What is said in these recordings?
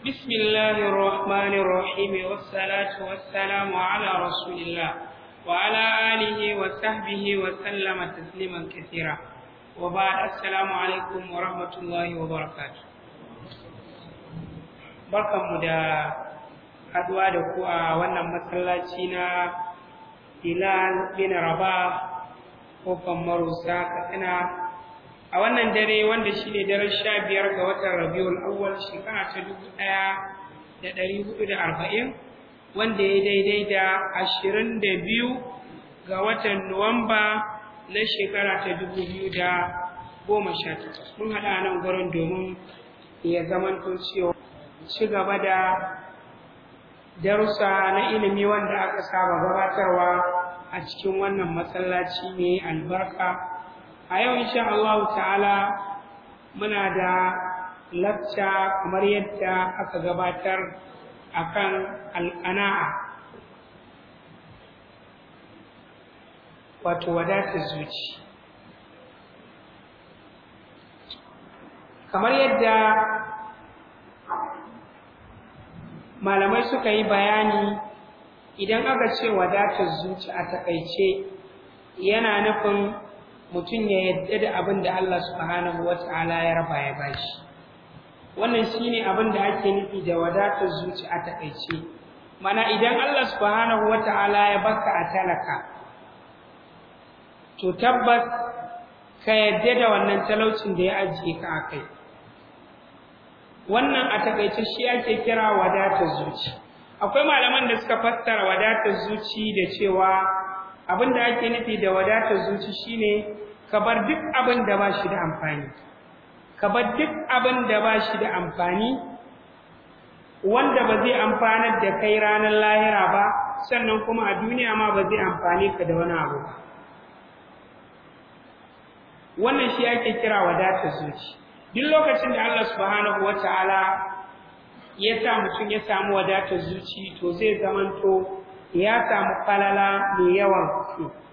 بسم الله الرحمن الرحيم والصلاة والسلام على رسول الله وعلى آله وصحبه وسلم تسليما كثيرا وبعد السلام عليكم ورحمة الله وبركاته barkanmu da haduwa da ku a wannan masallaci na Bilal bin Rabah kofar Marusa Katsina a wannan dare wanda shi ne daren sha biyar ga watan rabiul awwal shekara ta dubu ɗaya da ɗari hudu da arba'in wanda ya daidai da ashirin da biyu ga watan nuwamba na shekara ta dubu biyu da goma sha takwas mun haɗa nan gurin domin ya zamanto cewa ci gaba da darussa na ilimi wanda aka saba gabatarwa a cikin wannan masallaci ne albarka a yau insha Allah ta'ala muna da lacca kamar yadda aka gabatar akan al'ana'a wato wadatar zuci kamar yadda malamai suka yi bayani idan aka ce wadatar zuci a takaice yana nufin mutum ya yadda da abin da Allah subhanahu ta'ala ya raba ya bashi wannan shine abin da ake nufi da wadatar zuci a taƙaice, mana idan Allah subhanahu ta'ala ya baka a talaka to tabbas ka yadda da wannan talaucin da ya ajiye ka akai wannan a taƙaice shi ake kira wadatar zuci akwai malaman da suka fassara wadatar zuci da cewa abin da ake nufi da wadatar zuci shine Kabar bar duk abin da ba shi da amfani ka duk abin da ba shi da amfani wanda ba zai amfanar da kai ranar lahira ba sannan kuma a duniya ma ba zai amfani ka da wani abu ba wannan shi ake kira wadatar zuci duk lokacin da Allah subhanahu wataala ya sa mutum ya samu wadatar zuci to zai zamanto ya samu falala mai yawan gaske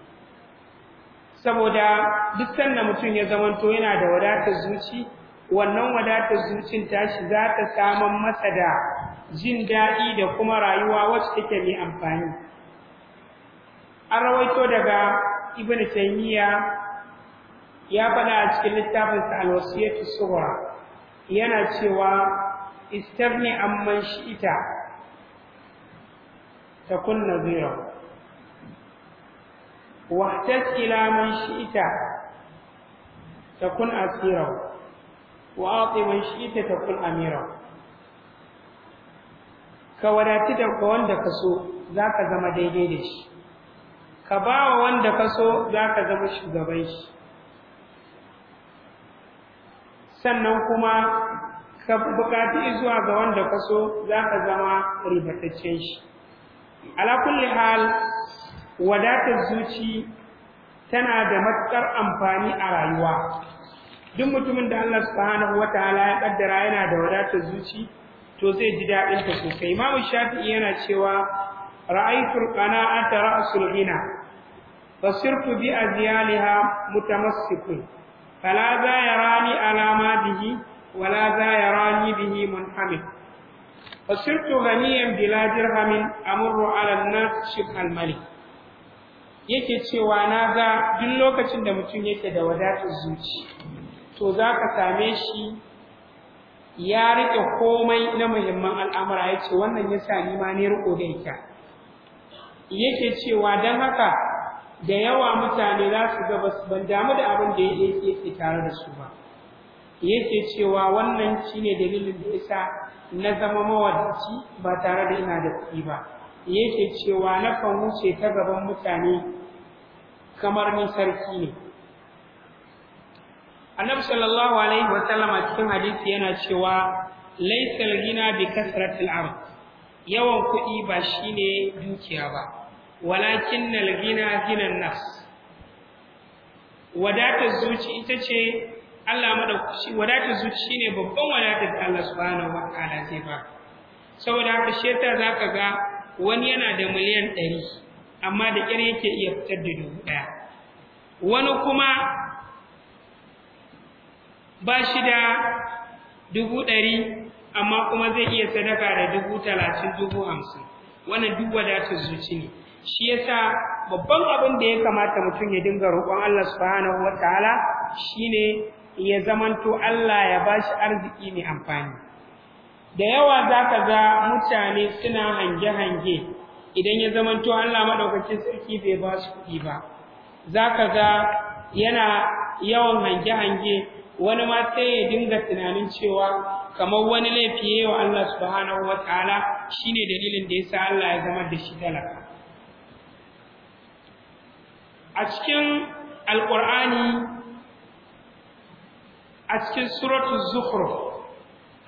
saboda duk sanda mutum ya zamanto yana da wadatar zuci wannan wadatar zucin tashi za ta samun masa da jin daɗi da kuma rayuwa wacce take mai amfani an rawaito daga ibn taymiya ya faɗa a cikin littafinsa alwasiyatu sughra yana cewa istarni amman ta takun nazira واحتج إلى من شئت تكن أسيره وأعطي من شئت تكن أميره كوراتي دك wanda kaso zaka zama daidai da shi ka bawa wanda kaso zaka zama shugaban shi sannan kuma ka bukaci zuwa ga wanda kaso zaka zama ribataccen shi ala kulli wadatar zuci tana da matsar amfani a rayuwa duk mutumin da Allah subhanahu wataala ya kaddara yana da wadatar zuci to zai ji daɗin ta sosai Imam Shafi'i yana cewa ra'aytul qana'ata ra'sul ghina fasirtu bi azyaliha mutamassikun fala za yarani rani alama bihi wala za yarani bihi munhamid fasirtu ghaniyan bila dirhamin amru ala an-nas shibh al-malik yake cewa na ga duk lokacin da mutum yake da wadatar zuci to za ka same shi ya rike komai na muhimman al'amura ya ce wannan ya sa ni ma ne riko da yake yake cewa don haka da yawa mutane za su ga ban damu da abin da yake tare da su ba yake cewa wannan shine dalilin da yasa na zama mawadaci ba tare da ina da kuɗi ba yake cewa na kan wuce ta gaban mutane kamar ni sarki ne annabi sallallahu alaihi wa sallam a cikin hadisi yana cewa laysa gina ghina bi kasratil ard yawan kuɗi ba shine dukiya ba walakin al-ghina ghina ghina nafs wadatar zuci ita ce Allah madaukaki wadatar zuci shine babban wadatar da Allah subhanahu wa ta'ala zai ba saboda haka sheta zaka ga wani yana da miliyan ɗari. amma da ƙyar yake iya fitar da dubu ɗaya wani kuma ba shi da dubu ɗari amma kuma zai iya sadaka da dubu talatin dubu hamsin wannan duk wadatar zuci ne shi yasa babban abin da ya kamata mutum ya dinga roƙon Allah subhanahu shi shine ya zamanto Allah ya ba shi arziki mai amfani da yawa zaka ga mutane suna hange-hange idan ya zamanto Allah madaukakin sarki bai ba su kuɗi ba zaka ga yana yawan hange hange wani ma sai ya dinga tunanin cewa kamar wani laifi ya wa Allah subhanahu ta'ala shine dalilin da yasa Allah ya zama da shi talaka a cikin alqur'ani a cikin suratul zukhruf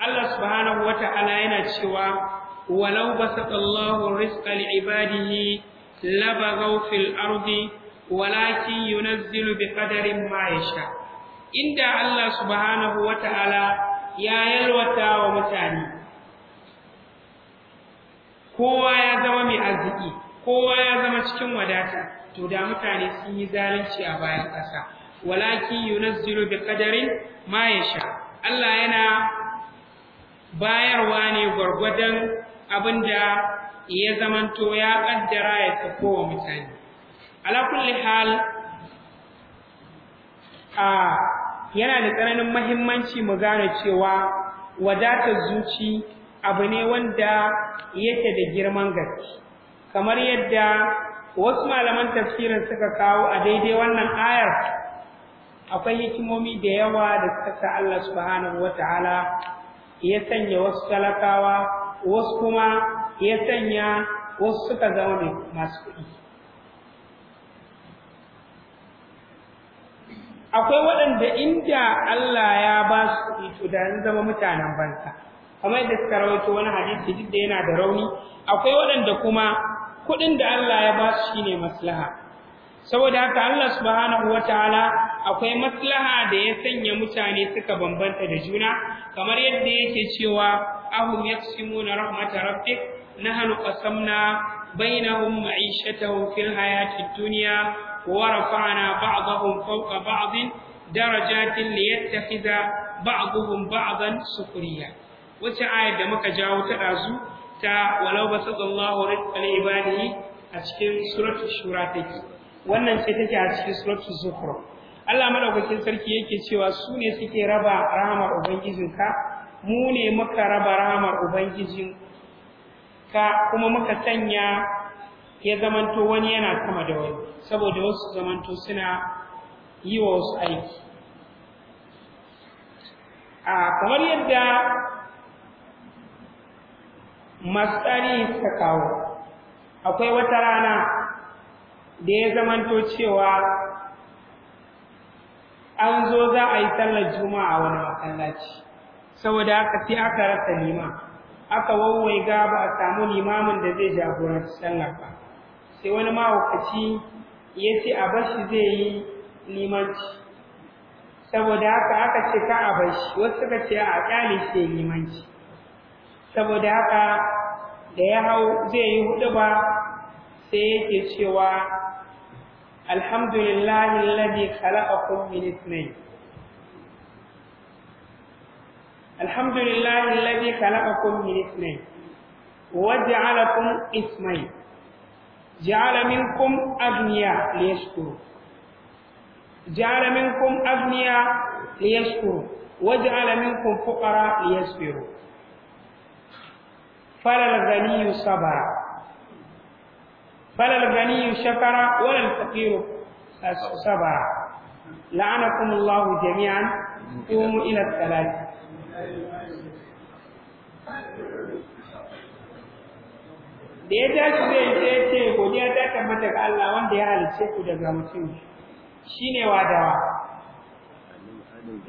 Allah subhanahu ta'ala yana cewa ولو بسط الله الرزق لعباده لبغوا في الأرض ولكن ينزل بقدر ما يشاء إن الله سبحانه وتعالى يا يلوتا ومتاني kowa ya zama mai arziki kowa ya zama cikin wadata to da mutane sun yi zalunci a bayan ƙasa walaki yunazzilu bi qadarin ma yasha Allah yana bayarwa ne gwargwadon abin da ya zamanto ya ƙaddara ya tafi wa mutane alakulli hal a yana da tsananin mahimmanci mu gane cewa wadatar zuci abu ne wanda yake da girman gaske kamar yadda wasu malaman tafsirin suka kawo a daidai wannan ayar akwai hikimomi da yawa da suka sa Allah subhanahu Ta'ala ya sanya wasu talakawa wasu kuma ya sanya wasu suka zama masu kuɗi akwai waɗanda inda Allah ya ba su kuɗi to da zama mutanen banka, kamar yadda suka rawaito wani hadisi duk da yana da rauni akwai waɗanda kuma kuɗin da Allah ya ba su shine maslaha saboda haka Allah subhanahu ta'ala. akwai maslaha da ya sanya mutane suka bambanta da juna kamar yadda yake cewa ahum yaqsimuna rahmat rabbik nahnu qasamna bainahum ma'ishatahum fil hayatid dunya wa rafa'na ba'dahum fawqa ba'din darajatin liyattakhidha ba'dhum ba'dan sukriya wace ayat da muka jawo ta dazu ta walau basallahu rizqan ibadi a cikin suratul shura take wannan sai take a cikin suratul zukhruf Allah madaukakin sarki yake cewa su ne suke raba rahamar ubangijinka mu ne muka raba rahamar ubangijin ka kuma muka sanya ya zamanto wani yana sama da wani saboda wasu zamanto suna yi wa wasu aiki a kamar yadda masu tsari kawo akwai wata rana da ya zamanto cewa an zo za a yi sallar juma'a wani masallaci saboda haka sai aka rasa lima aka wawwai ga ba a samu limamin da zai jagoranci sallar ba sai wani mahaukaci ya ce a bashi zai yi limanci saboda haka aka ce ka a bashi wasu suka ce a kyale shi limanci saboda haka da ya hau zai yi hudu ba sai yake cewa الحمد لله الذي خلقكم من اثنين الحمد لله الذي خلقكم من اثنين وجعلكم اثنين جعل منكم أغنياء ليشكروا جعل منكم أغنياء ليشكروا وجعل منكم فقراء ليصبروا فلا الغني صبرا فلا الغني shakara ولا الفقير sabara لعنكم الله jami'an قوموا ila salat da ya tashi zai ce ce godiya ta tabbata ga Allah wanda ya halice ku daga mutum shine wadawa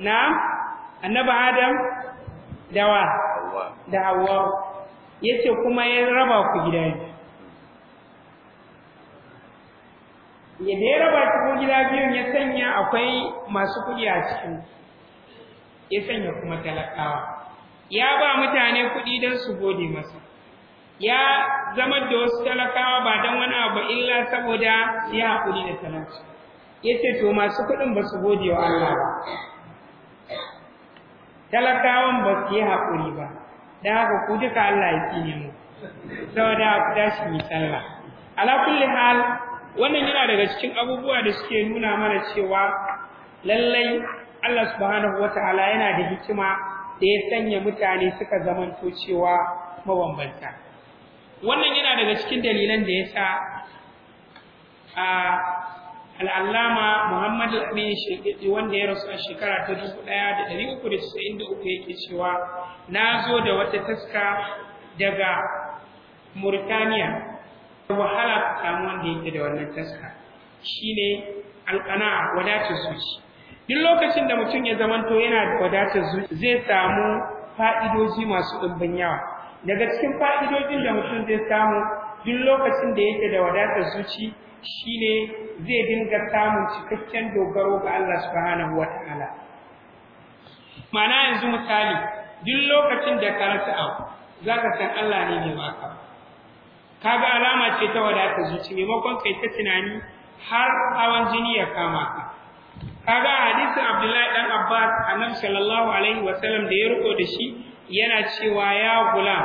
na annabi Adam dawa da Hawwa yace kuma ya raba ku gida ya da ya raba ta ko gida biyun ya sanya akwai masu kuɗi a cikin ya sanya kuma talakawa ya ba mutane kuɗi don su gode masa ya zama da wasu talakawa ba don wani abu illa saboda su yi haƙuri da talauci ya ce to masu kuɗin ba su gode wa Allah ba talakawan ba su yi haƙuri ba don haka ku duka Allah ya ne mu saboda ku tashi mu sallah ala kulli hal wannan yana daga cikin abubuwa da suke nuna mana cewa lallai Allah subhanahu Ta'ala yana da hikima da ya sanya mutane suka to cewa mabambanta wannan yana daga cikin dalilan da yasa a al-allama Muhammad al wanda ya rasu a shekara ta 1393 yake cewa na zo da wata taska daga Mauritania wahala ka samu wanda yake da wannan taska shine a wadatar zuci duk lokacin da mutum ya zamanto yana da wadatar zuci zai samu fa'idoji masu ɗumbin yawa daga cikin fa'idojin da mutum zai samu duk lokacin da yake da wadatar zuci shine zai dinga samun cikakken dogaro ga Allah subhanahu wataala ma'ana yanzu misali duk lokacin da ka rasa abu zaka san Allah ne mai baka kaga alama ce ta wadata zuci maimakon kai ta tunani har hawan jini ya kama ka kaga hadisin Abdullahi dan Abbas annabi sallallahu alaihi wasallam da ya riko da shi yana cewa ya gula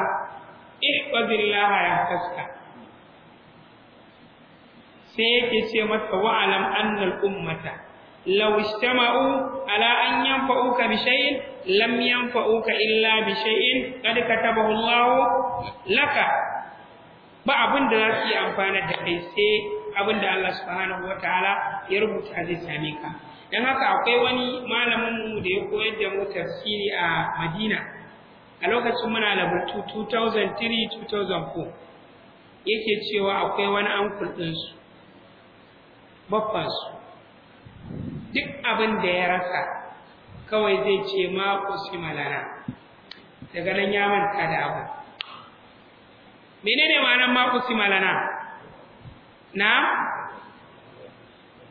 ihfazillah yahtaska sai yake ce masa wa alam annal ummata law istama'u ala an yanfa'uka bi shay'in lam yanfa'uka illa bi shay'in qad katabahu Allah laka ba abin da za su yi amfana da kai sai abin da Allah subhanahu ta'ala ya rubuta zai same ka dan haka akwai wani malamin da ya koyar da mu tafsiri a Madina a lokacin muna labartu 2003 2004 yake cewa akwai wani ankul din su duk abin da ya rasa kawai zai ce ma si malana daga nan ya manta da abu menene ma'anar ma qusima na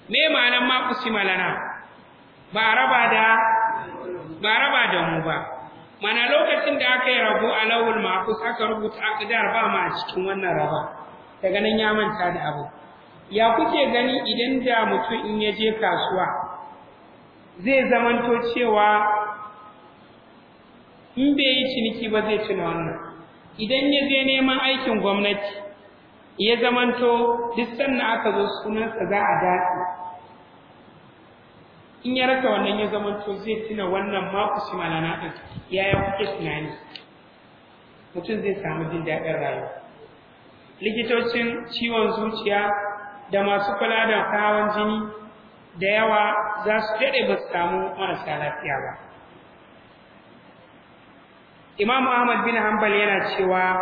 me ma'anar ma qusima lana ba raba da ba raba da mu ba mana lokacin da aka yi rabu a lawul mahfuz aka rubuta aqdar ba ma cikin wannan raba daga nan ya manta da abu ya kuke gani idan da mutum in ya je kasuwa zai zamanto cewa in bai yi ciniki ba zai tuna wannan idan ya je neman aikin gwamnati ya zamanto duk sanna aka zo sunansa za a dace in ya rasa wannan ya zamanto zai tuna wannan maku shi malana ɗin yaya kuke tunani mutum zai samu jin daɗin rayuwa likitocin ciwon zuciya da masu kula da hawan jini da yawa za su daɗe ba su samu marasa lafiya ba Imam Ahmad bin Hanbal yana cewa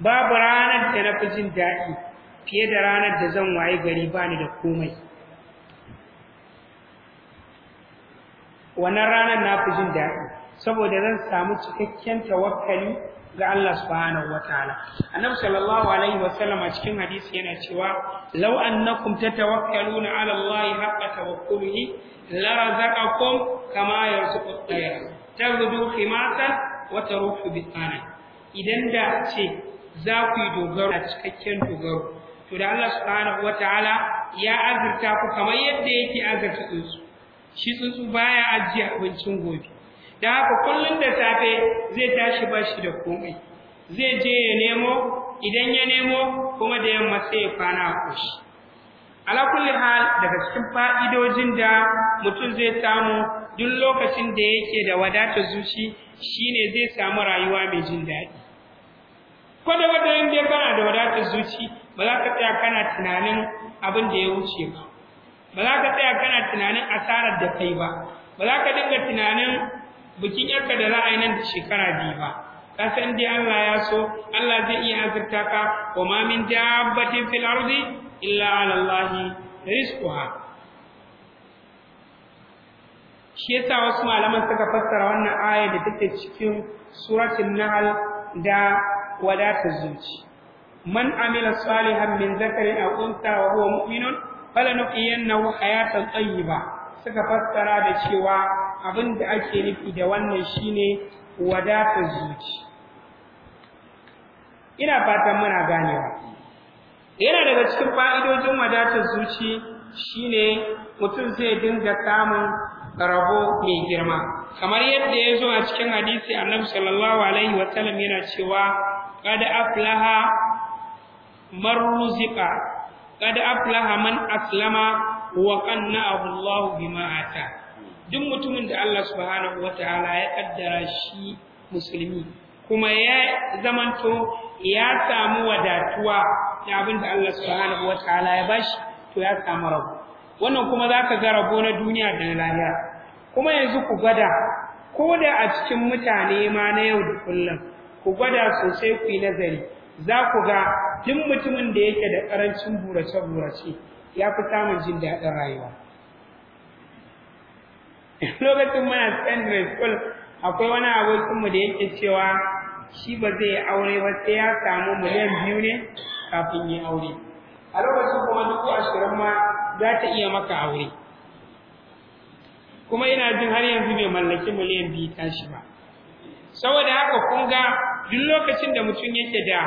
babu ranar da na fi jin daɗi fiye da ranar da zan waye gari ba ni da komai. Wannan ranar na fi jin daɗi saboda zan samu cikakken tawakkali ga Allah subhanahu wataala. Annabi sallallahu alaihi wasallam a cikin hadisi yana cewa law annakum tatawakkaluna ala Allah haqqa tawakkulihi la razaqakum kama yarzuqut tayr khimatan wata rufu bi idan da ce za ku yi dogaro a cikakken dogaro to da Allah subhanahu wataala ya azurta ku kamar yadda yake azurta tsuntsu shi tsuntsu baya ajiye abincin gobe da haka kullum da safe zai tashi bashi da komai zai je ya nemo idan ya nemo kuma da yamma sai ya kwana a ala kulli hal daga cikin fa'idojin da mutum zai samu duk lokacin da yake da wadatar zuci shine zai samu rayuwa mai jin daɗi ko da wanda inda kana da wadatar zuci ba za ka tsaya kana tunanin abin da ya wuce ba ba za ka tsaya kana tunanin asarar da kai ba ba za ka dinga tunanin bikin yarka da za nan da shekara biyu ba ka san dai Allah ya so Allah zai iya azurta ka wa ma min dabbatin fil ardi illa ala Allah rizquha shi yasa wasu malaman suka fassara wannan aya da take cikin suratul nahl da wadata zuci man amila salihan min zakarin aw unsa wa huwa mu'minun falanuhyiyannahu hayatan tayyiba suka fassara da cewa abin da ake nufi da wannan shine wadatar zuci ina fatan muna ganewa yana daga cikin fa'idojin wadatar zuci shine mutum zai dinga samun rabo mai girma kamar yadda ya zo a cikin hadisi annabi sallallahu alaihi wa sallam yana cewa qad aflaha maruzika qad aflaha man aslama wa qanna'ahu Allah bima ata duk mutumin da Allah subhanahu wataala ya kaddara shi musulmi kuma ya zamanto ya samu wadatuwa da abin da Allah subhanahu wataala ya bashi to ya samu rabo wannan kuma za ka ga rabo na duniya da na kuma yanzu ku gwada ko da a cikin mutane ma na yau da kullum ku gwada sosai ku yi nazari za ku ga duk mutumin da yake da karancin burace burace ya fi samun jin daɗin rayuwa lokacin muna secondary school akwai wani abokinmu da yake cewa shi ba zai aure ba sai ya samu miliyan biyu ne kafin yi aure a lokacin kuma duk ashirin ma za ta iya maka aure kuma ina jin har yanzu bai mallaki miliyan biyu tashi ba saboda haka kun ga duk lokacin da mutum yake da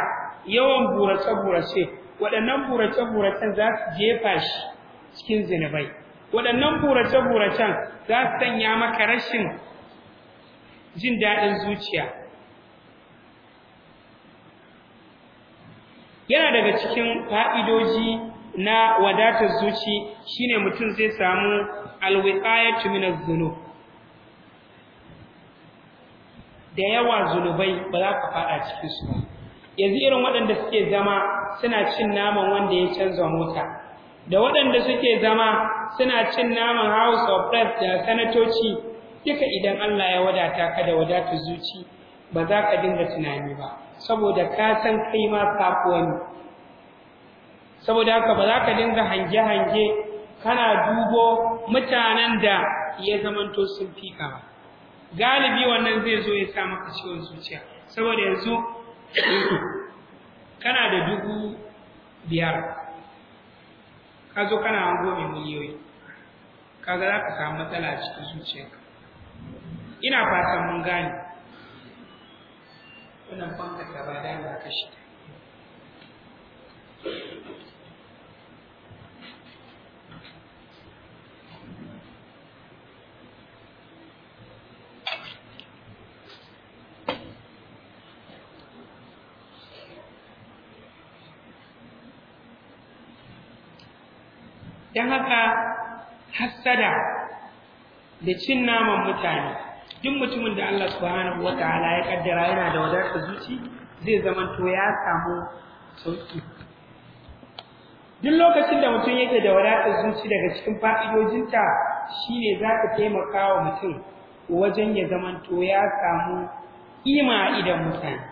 yawan burace-burace waɗannan burace-buracen za su jefa shi cikin zinubai waɗannan burace-buracen za su sanya maka rashin jin daɗin zuciya yana daga cikin fa'idoji na wadatar zuci shine mutum zai samu alwiqayatu min az-zunub da yawa zunubai ba za ka fada cikin su ba yanzu irin waɗanda suke zama suna cin naman wanda ya canza mota da waɗanda suke zama suna cin naman house of press da sanatoci duka idan Allah ya wadata ka da wadatar zuci ba za ka dinga tunani ba saboda ka san kai ma kafuwa ne saboda haka ba za ka dinga hange-hange kana dubo mutanen da ya zamanto sun fika ba galibi wannan zai zo ya sa maka ciwon zuciya saboda yanzu kana da dubu biyar ka zo kana hango mai miliyoyi kaga za ka samu matsala a cikin zuciyarka ina fatan mun gane wannan fankar ta ba da ka shi don haka hassada da cin naman mutane duk mutumin da Allah subhanahu wataala ya kaddara yana da wadatar zuci zai to ya samu sauki duk lokacin da mutum yake da wadatar zuci daga cikin fa'idojinta shine zaka taimaka wa mutum wajen ya zamanto ya samu kima idan mutane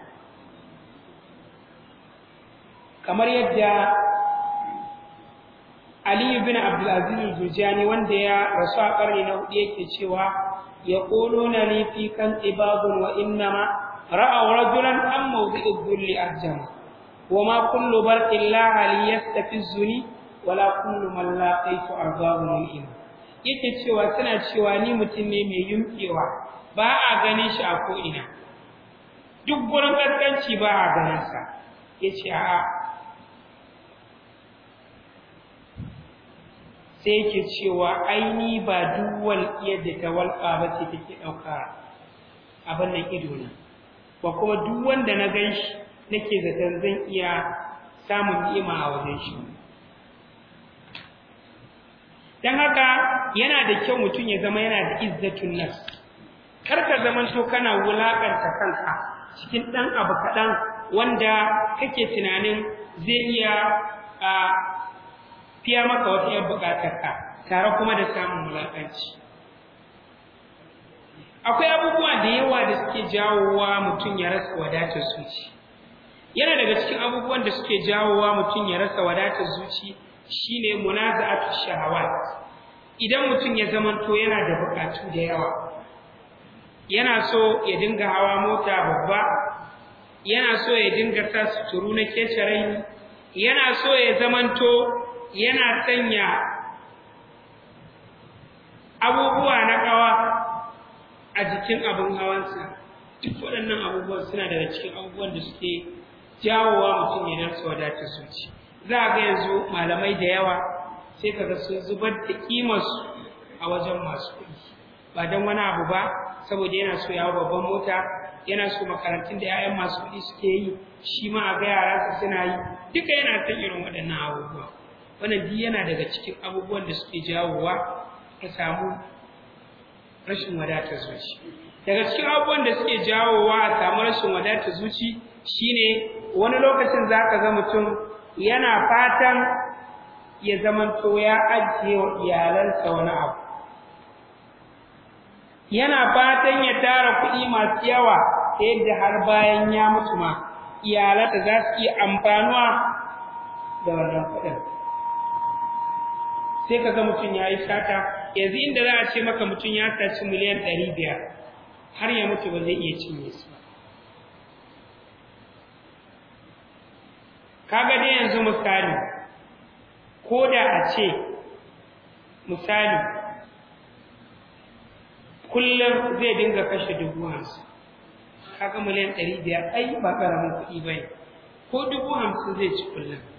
kamar yadda Ali bin Abdul Aziz Zujani wanda ya rasu a karni na hudu yake cewa ya yaquluna li fi kan ibadun wa ma ra'a rajulan an mawdi'u dhulli arjama wa ma kullu barqin la ali yastafizuni wa la kullu man laqaytu arzahu min yake cewa suna cewa ni mutum ne mai yumkewa ba a ganin shi a ko ina duk gurin kaskanci ba a ganin sa yace a'a sai ke cewa aini ba duwal yadda ta walƙa ba ce take ɗauka a bannan ido na ba kuma duk wanda na gan shi nake zaton zan iya samun ni'ima a wajen shi dan haka yana da kyau mutum ya zama yana da izzatun nafs kar ka zaman to kana ta kanka cikin ɗan abu kaɗan wanda kake tunanin zai iya fiya maka wata yan bukatarka tare kuma da samun mulakanci akwai abubuwa da yawa da suke jawowa mutum ya rasa wadatar zuci yana daga cikin abubuwan da suke jawowa mutum ya rasa wadatar zuci shine munaza'atu shahawat idan mutum ya zamanto yana da bukatu da yawa yana so ya dinga hawa mota babba yana so ya dinga sa suturu na kecere yana so ya zamanto yana sanya abubuwa na kawa a jikin abin hawansa duk waɗannan abubuwan suna daga cikin abubuwan da suke jawowa mutum ya nasu wadatar zuci za a ga yanzu malamai da yawa sai ka ga sun zubar da kimarsu a wajen masu kuɗi ba don wani abu ba saboda yana so yawo babban mota yana so makarantun da 'ya'yan masu kuɗi suke yi shi ma a ga yara suna yi duka yana san irin waɗannan abubuwa wannan duk yana daga cikin abubuwan da suke jawowa ka samu rashin wadatar zuci daga cikin abubuwan da suke jawowa a samu rashin wadatar zuci shine wani lokacin zaka ga mutum yana fatan ya zamanto ya ajiye wa iyalansa wani abu yana fatan ya tara kuɗi masu yawa ta yadda har bayan ya mutu ma iyalansa za su iya amfanuwa da wannan kuɗin sai kaga mutum yayi sata yanzu inda za a ce maka mutum ya saci miliyan 500 har ya mutu ba zai iya cinye su kaga dai yanzu misali ko da a ce misali kullum zai dinga kashe dubu hamsin kaga miliyan ɗari biyar ai ba ƙaramin kuɗi bane ko dubu hamsin zai ci kullum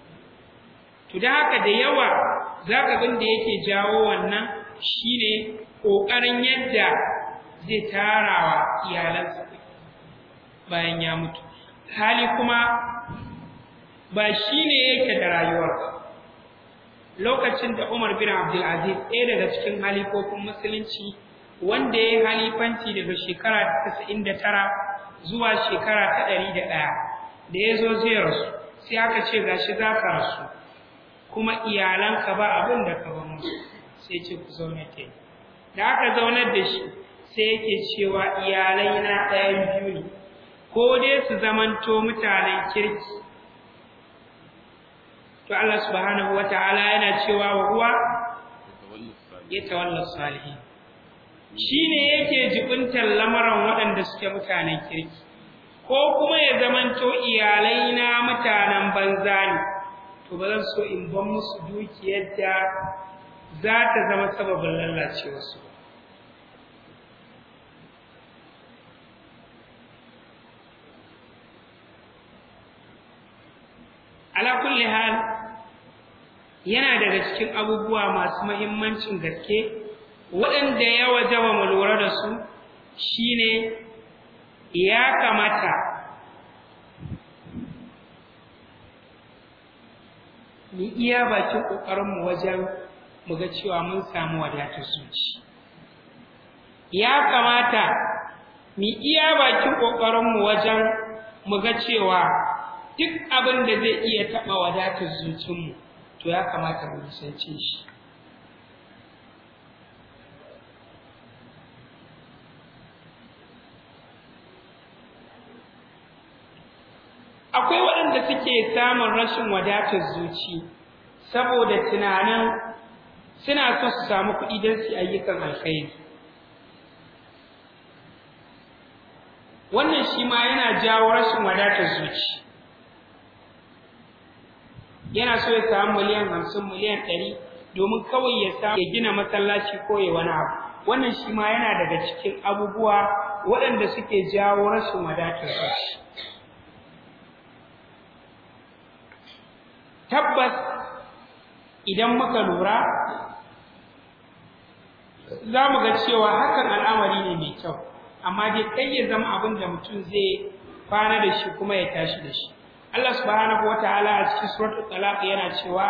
to da haka da yawa zaka bin da yake jawo wannan shine kokarin yadda zai tarawa iyalansa bayan ya mutu hali kuma ba shine yake da rayuwar lokacin da Umar bin Abdul Aziz ɗaya daga cikin halifofin musulunci wanda ya halifanci daga shekara ta tara zuwa shekara ta ɗari da ɗaya, da ya zo zai rasu sai aka ce gashi za ka rasu kuma iyalanka ba abin da ka bamu musu sai ce ku zauna ke da aka zaunar da shi sai yake cewa iyalai na ɗayan biyu ne ko dai su zamanto mutanen kirki to Allah subhanahu wataala yana cewa wa huwa yatawalla salihin shine yake jibuntar lamarin waɗanda suke mutanen kirki ko kuma ya zamanto iyalai na mutanen banza ne to ba zan so in ban musu dukiyar da za ta zama sababin lalacewarsu ba ala kulli hal yana daga cikin abubuwa masu mahimmancin gaske waɗanda ya wajaba mu lura da su shine ya kamata mu iya bakin kokarin mu wajen mu ga cewa mun samu wadatar zuci ya kamata mu iya bakin kokarin mu wajen mu ga cewa duk abin da zai iya taba wadatar mu to ya kamata mu nisance shi suke samun rashin wadatar zuci saboda tunanin suna so su samu kuɗi don su ayyukan alkhairi wannan shi ma yana jawo rashin wadatar zuci yana so ya samu miliyan hamsin miliyan ɗari domin kawai ya samu ya gina masallaci ko ya wani abu wannan shi ma yana daga cikin abubuwa waɗanda suke jawo rashin wadatar zuci tabbas idan muka lura za mu ga cewa hakan al'amari ne mai kyau amma dai kai ya zama abin da mutum zai kwana da shi kuma ya tashi da shi Allah subhanahu wataala a cikin suratul talaq yana cewa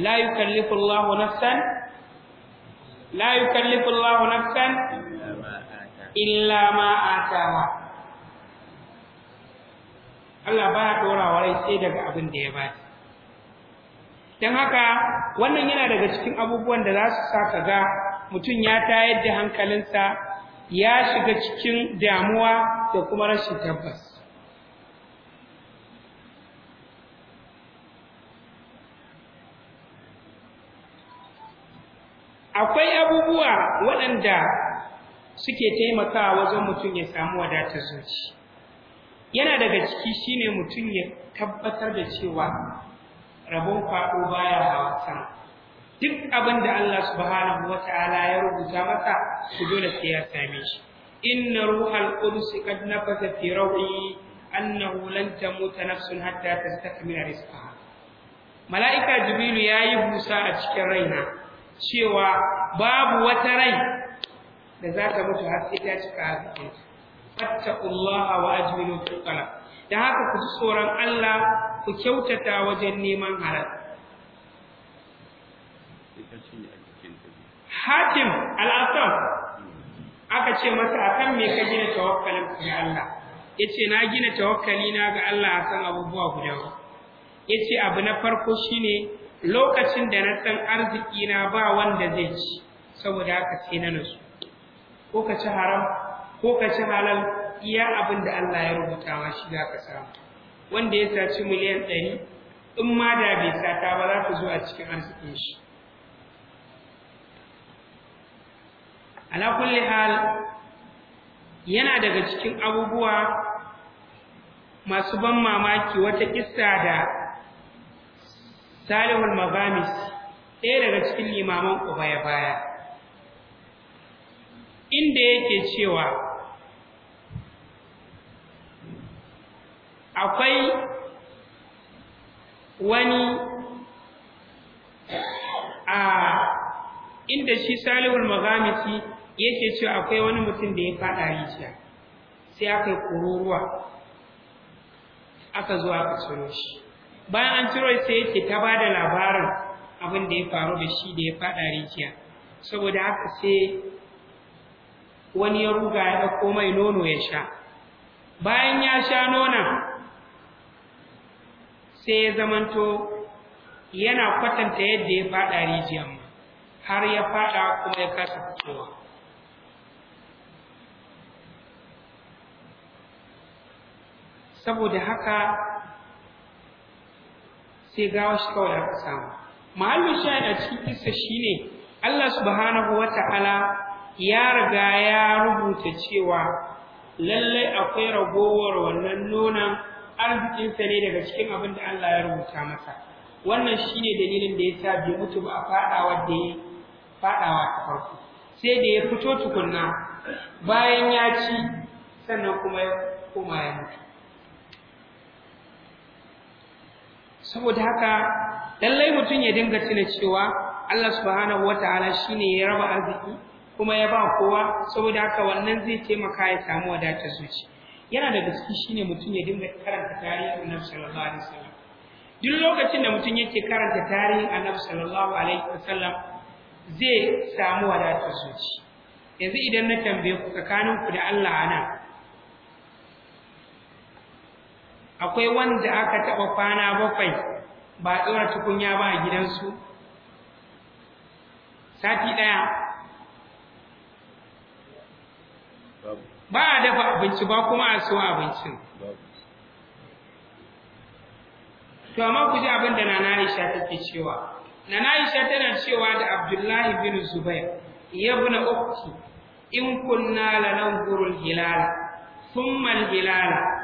la yukallifu Allahu nafsan la yukallifu nafsan illa ma ataha Allah baya dora wa sai daga abin da ya bata dan haka wannan yana daga cikin abubuwan da za su sa ka ga mutum ya tayar da hankalinsa ya shiga cikin damuwa da kuma rashin tabbas akwai abubuwa waɗanda suke taimakawa wajen mutum ya samu wadatar zuciya yana daga ciki shine mutum ya tabbatar da cewa rabon faɗo baya hawa sama duk abin da Allah subhanahu wata'ala ya rubuta masa ku dole sai ya same shi inna ruhal qudus kad nafasa fi ruhi annahu lan tamuta nafsun hatta tastakmila rizqaha malaika jibrilu yayi busa a cikin raina cewa babu wata rai da za ta mutu har sai ta cika arzikinta fattaqullaha wa ajmilu tuqala da haka ku ji tsoron Allah ku kyautata wajen neman halal hakim al’asar aka ce masa akan me ka gina tawakkalin ga Allah Ya ce na gina tawakkali na ga Allah akan abubuwa guda Ya ce abu na farko shi ne lokacin da na san arzikina ba wanda zai ci saboda haka sai na nasu ko ka ci haram ko ka ci halal iya abin da Allah ya rubuta wa shi za ka wanda ya saci miliyan ɗari in ma da bai sata ba za ka zo a cikin arzikin shi ala kulli hal yana daga cikin abubuwa masu ban mamaki wata kissa da salihul mabamis ɗaya daga cikin limaman Ubayya baya inda yake cewa akwai wani a inda shi salihul magamisi yake cewa akwai wani mutum da ya fada rijiya sai aka yi kururuwa aka zo aka ciro shi bayan an ciro sai yake ta ba da labarin abin da ya faru da shi da ya fada rijiya saboda haka sai wani ya ruga ya ɗauko mai nono ya sha bayan ya sha nonon sai ya zamanto yana kwatanta yadda ya fada rijiyar har ya fada kuma ya kasa fitowa saboda haka sai gawa shi kawai aka samu mahallin shayi a cikin kisa shi ne. Allah subhanahu wata'ala ya riga ya rubuta cewa lallai akwai ragowar wannan nonon arzikinsa ne daga cikin abin da Allah ya rubuta masa wannan shine dalilin da yasa bai mutu ba a fadawa da yi fadawa ta farko sai da ya fito tukunna bayan ya ci sannan kuma ya koma ya mutu saboda haka lallai mutum ya dinga tuna cewa Allah subhanahu wataala shine ya raba arziki kuma ya ba kowa saboda haka wannan zai taimaka ya samu wadatar zuciya yana gaske shi shine mutum ya dinga karanta tarihin annabi sallallahu alaihi wasallam duk lokacin da mutum yake karanta tarihin annabi sallallahu alaihi wasallam zai samu wadatar zuci yanzu idan na tambaye ku tsakanin ku da Allah ana akwai wanda aka taba kwana bakwai ba tsora tukunya ba a gidansu sati daya ba a dafa abinci ba kuma a so abincin to amma ku ji abin da nana Aisha take cewa nana Aisha tana cewa da Abdullahi bin Zubair yabna ukti in kunna nan al-hilala thumma al-hilala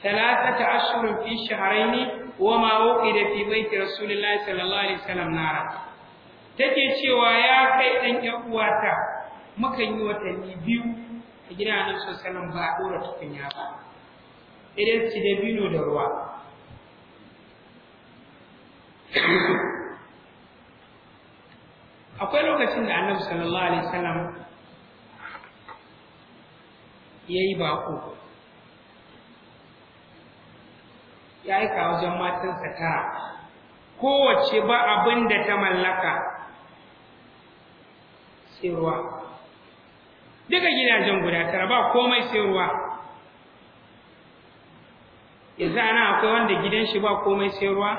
ثلاثة أشهر في شهرين وما وقد في بيت رسول الله صلى الله عليه وسلم نارا take cewa ya kai ɗan 'yar uwata mukan yi watanni biyu a gidan annabi sallallahu alaihi ba a dora tukunya ba Idan su dabino da ruwa akwai lokacin da annabi sallallahu alaihi wasallam ya yi bako ya aika wajen matansa tara kowace ba abin da ta mallaka sai ruwa Daga gidajen guda tara ba komai sai ruwa yanzu ana akwai wanda gidan shi ba komai sai ruwa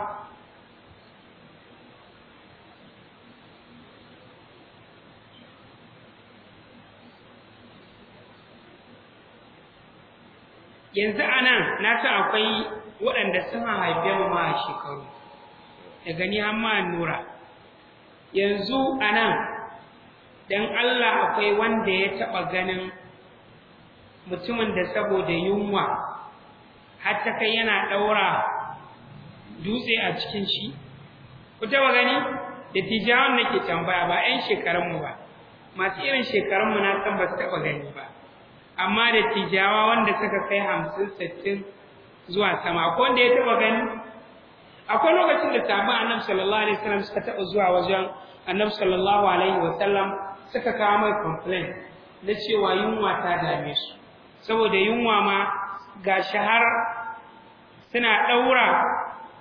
yanzu anan na san akwai waɗanda suna haife mu ma shekaru da gani har ma nura yanzu anan dan Allah akwai wanda ya taba ganin mutumin da saboda yunwa har ta kai yana daura dutse a cikin shi ku taɓa gani da tijawan nake tambaya ba 'yan shekarun mu ba masu irin shekarun mu na san ba su taba gani ba amma da tijawa wanda suka kai 50 60 zuwa sama ko wanda ya taba gani akwai lokacin da sahabban annabi sallallahu alaihi wasallam suka taba zuwa wajen annabi sallallahu alaihi wasallam suka kawo mai complain na cewa yunwa ta dame su saboda yunwa ma ga shahar suna ɗaura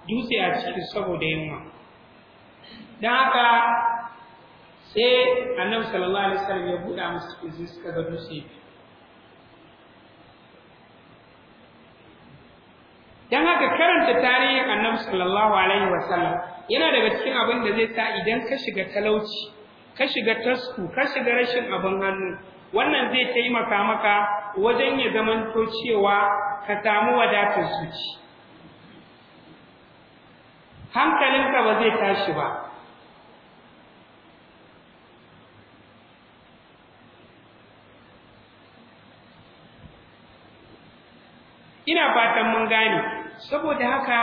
dutse a cikin saboda yunwa don haka sai annabi sallallahu alaihi wasallam ya buɗa musu cikin suka ga dutse dan haka karanta tarihin annabi sallallahu alaihi wasallam yana daga cikin abin da zai sa idan ka shiga talauci ka shiga tasku ka shiga rashin abin hannu wannan zai taimaka maka wajen ya zamanto cewa ka samu wadatar suci hankalinka ba zai tashi ba ina fatan mun gane saboda haka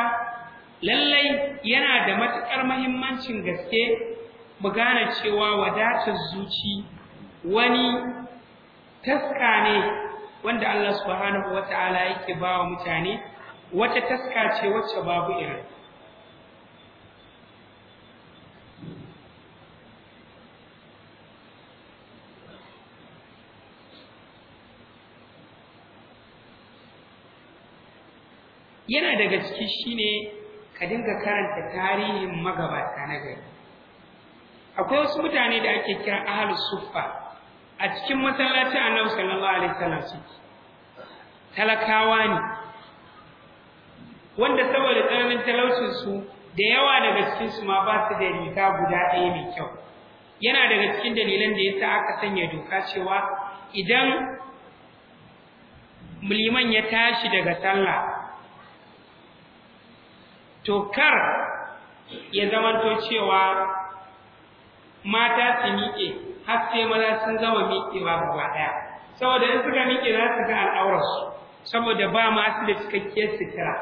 lallai yana da matuƙar muhimmancin gaske mu gane cewa wadatar zuci wani taska ne wanda Allah subhanahu Ta'ala yake ba wa mutane wata taska ce wacce babu irin yana daga ciki shine ka dinga karanta tarihin magabata na gari akwai wasu mutane da ake kira ahlus suffa a cikin masallacin annabi sallallahu alaihi wasallam suke talakawa ne wanda saboda tsananin talaucin su da yawa daga cikin su ma ba su da rika guda ɗaya mai kyau yana daga cikin dalilan da yasa aka sanya doka cewa idan liman ya tashi daga sallah to kar ya zamanto cewa mata su miƙe har sai maza sun gama miƙewa gaba ɗaya saboda in suka miƙe za su ga al'aurarsu saboda ba ma su da cikakkiyar sutura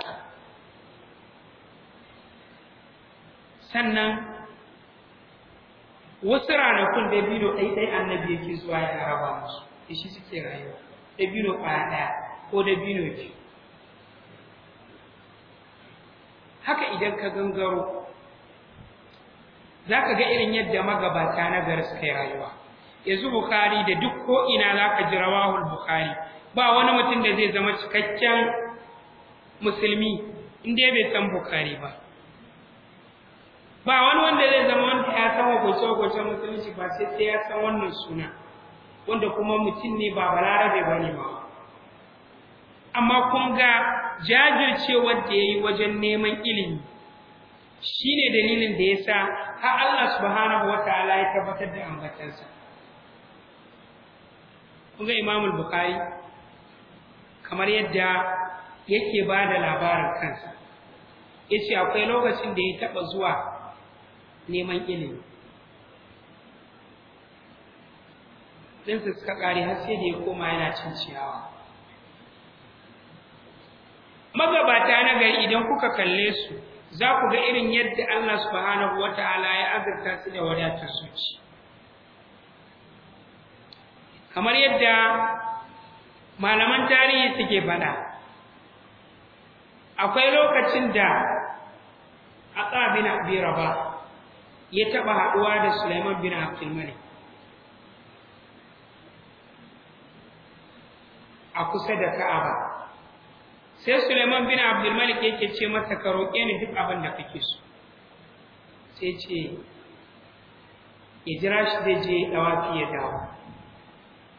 sannan wasu ranakun da biyu ɗaiɗai annabi yake zuwa ya raba musu da shi suke rayuwa da biyu ƙwaya ɗaya ko da biyu biyu haka idan ka gangaro za ka ga irin yadda magabata na gari suka yi rayuwa yanzu bukari da duk ko ina za ka ji rawahul bukari ba wani mutum da zai zama cikakken musulmi inda bai san bukari ba ba wani wanda zai zama wanda ya san wakoce-wakoce musulunci ba sai sai ya san wannan suna wanda kuma mutum ne ba balarabe ba ne ba amma kun ga jajircewar da ya yi wajen neman ilimi shi ne dalilin da ya sa ha Allah subhanahu wataala ya tabbatar da ambatansa kuma Imam al-Bukhari kamar yadda yake ba da labarin kansa yace akwai lokacin da ya taba zuwa neman ilimi ɗinsa suka ƙare har sai da ya koma yana cin ciyawa magabata na gari idan kuka kalle su za ku ga irin yadda Allah subhanahu wataala ya azurta su da wadatar ci. kamar yadda malaman tarihi suke faɗa akwai lokacin da aka bin Abi raba ya taɓa haɗuwa da Sulaiman bin Abdul a kusa da Ka'aba sai Suleiman bin Abdul Malik yake ce masa ka roƙe ni duk abin da kake so sai ce ya jira shi zai je dawafi ya dawo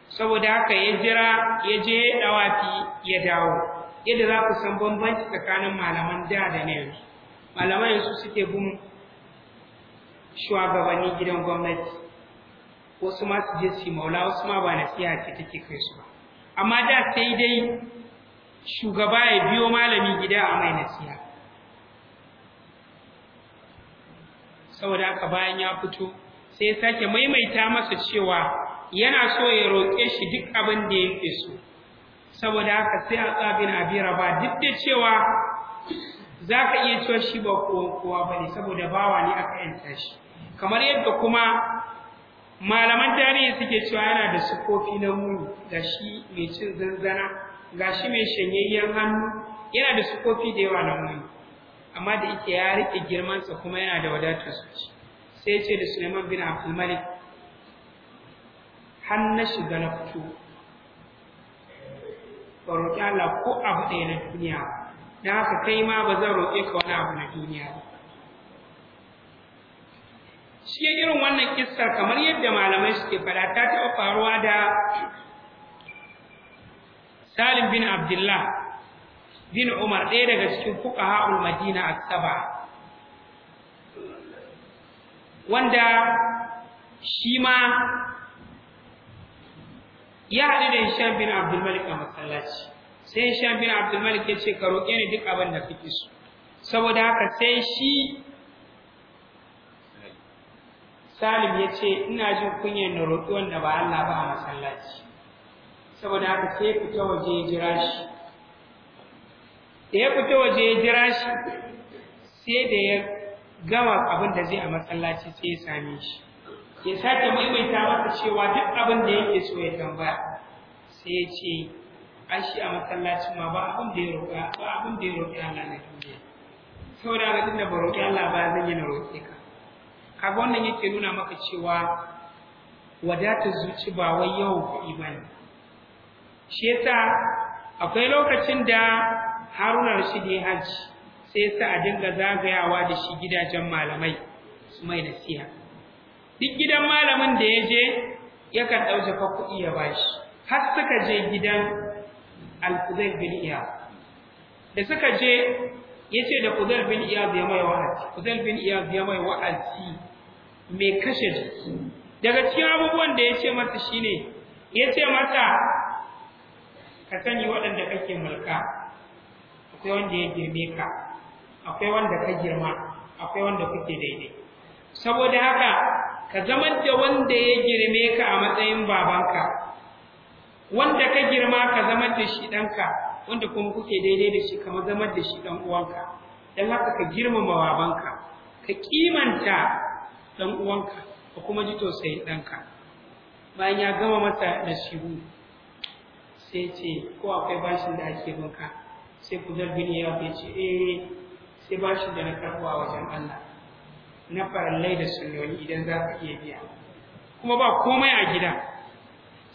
saboda haka ya jira ya je dawafi ya dawo yadda za ku san bambanci tsakanin malaman da da ne yanzu malaman yanzu suke bin shugabanni gidan gwamnati wasu ma su je su maula wasu ma ba nasiha ce take kai su ba amma da sai dai shugaba ya biyo malami gida a mai nasiha saboda haka bayan ya fito sai ya sake maimaita masa cewa yana so ya roƙe shi duk abin da ya yake so saboda haka sai a tsabin abira ba duk da cewa za ka iya cewa shi ba kowa ba ne saboda bawa ne aka yanta shi kamar yadda kuma malaman tarihi suke cewa yana da sukofi na muni da shi mai cin zanzana gashi mai shanyayyen hannu yana da sukofi da yawa na wani, amma da yake ya rike girmansa kuma yana da wadatar su sai ya ce da Suleiman bin Abdul Malik har shiga na fito ba roƙi Allah ko abu ɗaya na duniya da haka kai ma ba zan roƙe ka wani abu na duniya ba shi irin wannan kissa kamar yadda malamai suke fada ta taɓa faruwa da salim bin abdullah bin umar ɗaya daga cikin fuqaha'ul madina as-saba wanda shi ma ya haɗu da Hisham bin Abdul Malik a masallaci sai Hisham bin Abdul ya ce ka roƙe ni duk abin da kake so saboda haka sai shi Salim ya ce ina jin kunyar na roƙi wanda ba Allah ba a masallaci saboda haka sai ta waje ya jira shi da ya fita waje ya jira shi sai da ya gama abin da zai a masallaci sai ya same shi ya sake maimaita masa cewa duk abin da yake so ya tambaya sai ya ce an shi a masallacin ma ba abin da ya roƙa ba abin da ya roƙi Allah na duniya saboda haka tunda ba roƙi Allah ba zan yi na roƙe ka kaga wannan yake nuna maka cewa wadatar zuci ba wai yawan kuɗi ba ne shi yasa akwai lokacin da Haruna Rashid ya haji sai yasa a dinga zagayawa da shi gidajen malamai su mai nasiha duk gidan malamin da ya je yakan ɗauke ka kuɗi ya bashi har suka je gidan Al-Qudayn bin Iyad da suka je yace da Qudayn bin Iyad ya mai wa'azi Qudayn bin Iyad ya mai wa'azi mai kashe jiki daga cikin abubuwan da yace masa shine yace masa ka sani waɗanda kake mulka akwai wanda ya girme ka akwai wanda ka girma akwai wanda kuke daidai saboda haka ka zama da wanda ya girme ka a matsayin babanka wanda ka girma ka zama da shi ɗanka wanda kuma kuke daidai da shi kama zama da shi ɗan uwanka don haka ka girmama babanka ka kimanta ɗan uwanka ka kuma ji tausayin ɗanka bayan ya gama masa nasihu sai ce ko akwai bashin da ake maka sai kuzar ne ya fi ce eh sai bashin da na karɓa wajen Allah na farallai da sunyoyi idan za ka iya biya kuma ba komai a gida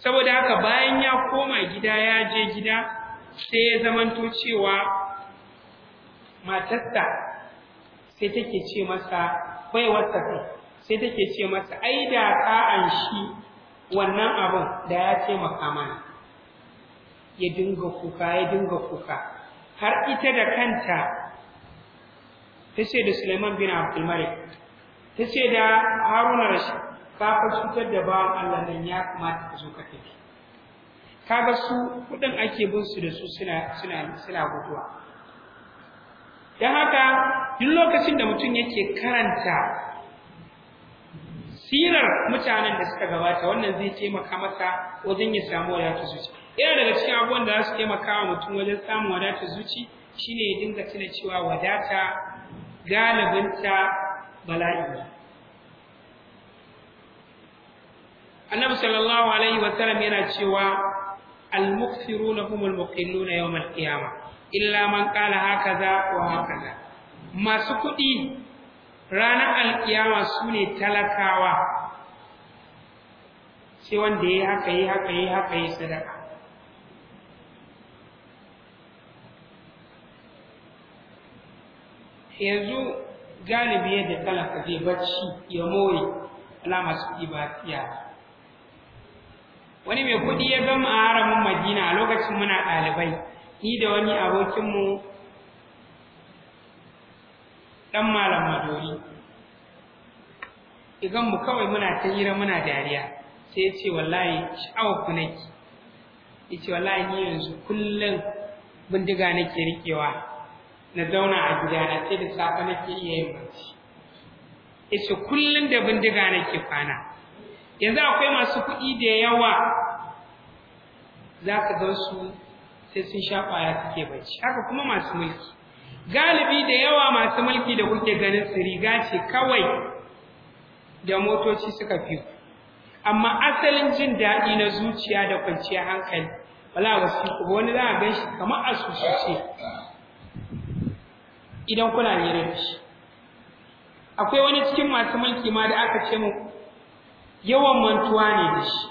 saboda haka bayan ya koma gida ya je gida sai ya zamanto cewa matarsa sai take ce masa bai wasa sai take ce masa ai da ka an shi wannan abin da ya taimaka mana ya dinga kuka ya dinga kuka har ita da kanta tace da Sulaiman bin Abdul Malik tace da Haruna Rashid ka ka cutar da bawan Allah nan ya kamata ka zo ka tafi kaga su kudin ake bin su da su suna suna suna guduwa dan haka duk lokacin da mutum yake karanta sirar mutanen da suka gabata wannan zai taimaka masa wajen ya samu wadatu zuciya yana daga cikin abubuwan da za su taimaka wa mutum wajen samun wadatar zuci shine ya dinga tuna cewa wadata galibinta bala'i annabi sallallahu alaihi wa sallam yana cewa al-mukthiruna kuma al-muqilluna yawm al illa man qala hakaza wa hakaza masu kuɗi ranar alkiyama su ne talakawa sai wanda ya yi haka yi haka yi haka yi sadaka yanzu galibi yadda talaka zai bacci ya more alama su ba wani mai kuɗi ya gama a haramin madina a lokacin muna ɗalibai ni da wani abokinmu ɗan malam madori idan mu kawai muna ta hira muna dariya sai ya ce wallahi sha'awar ku nake ya ce wallahi ni yanzu kullum bindiga nake rikewa na zauna a gidana sai da safe nake iya yin barci isa kullum da bindiga nake kwana yanzu akwai masu kuɗi da yawa za ka gan su sai sun sha ƙwaya suke barci haka kuma masu mulki galibi da yawa masu mulki da kuke ganin su riga ce kawai da motoci suka fi ku amma asalin jin daɗi na zuciya da kwanciya hankali wala wasu wani za a gan shi kamar asusu ce idan kuna rere da shi akwai wani cikin masu mulki ma da aka ce mu yawan mantuwa ne da shi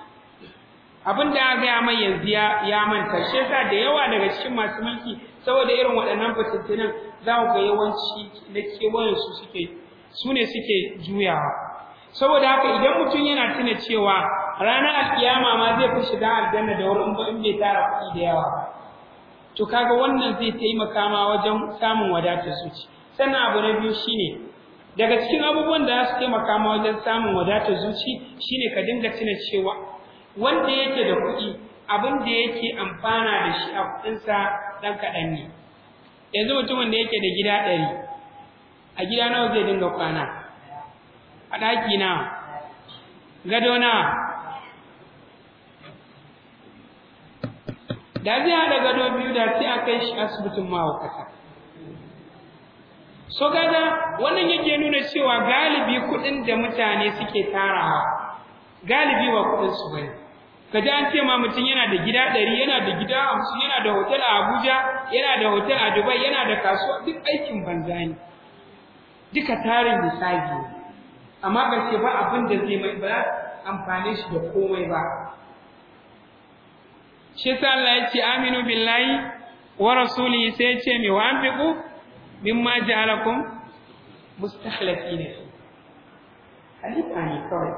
abin da aka ga mai yanzu ya manta shi yasa da yawa daga cikin masu mulki saboda irin waɗannan fitattunan za ku ga yawanci na kewayen su suke su ne suke juyawa saboda haka idan mutum yana tuna cewa ranar alkiyama ma zai fi shiga aljanna da wurin ba in bai tara kuɗi da yawa to kaga wannan zai taimaka ma wajen samun wadatar zuci sannan abu na biyu shine daga cikin abubuwan da su taimaka ma wajen samun wadatar zuci shine ka dinga tuna cewa wanda yake da kuɗi abin da yake amfana da shi a kuɗinsa ɗan kaɗan ne yanzu mutumin da yake da gida ɗari a gida nawa zai dinga kwana a ɗaki na gado na da zai haɗa gado biyu da sai a kai shi asibitin mahaukata so gaga wannan yake nuna cewa galibi kuɗin da mutane suke tarawa galibi ba kuɗin su bane ka ji an ce ma mutum yana da gida ɗari yana da gida hamsin yana da hotel a abuja yana da hotel a dubai yana da kasuwa duk aikin banza ne duka tarin lissafi amma ba ce ba abin da zai mai ba amfane shi da komai ba shi sa Allah ya ce aminu billahi wa rasulihi sai ya ce mi wa anfiqu mimma ja'alakum mustahlifina halifa ne kawai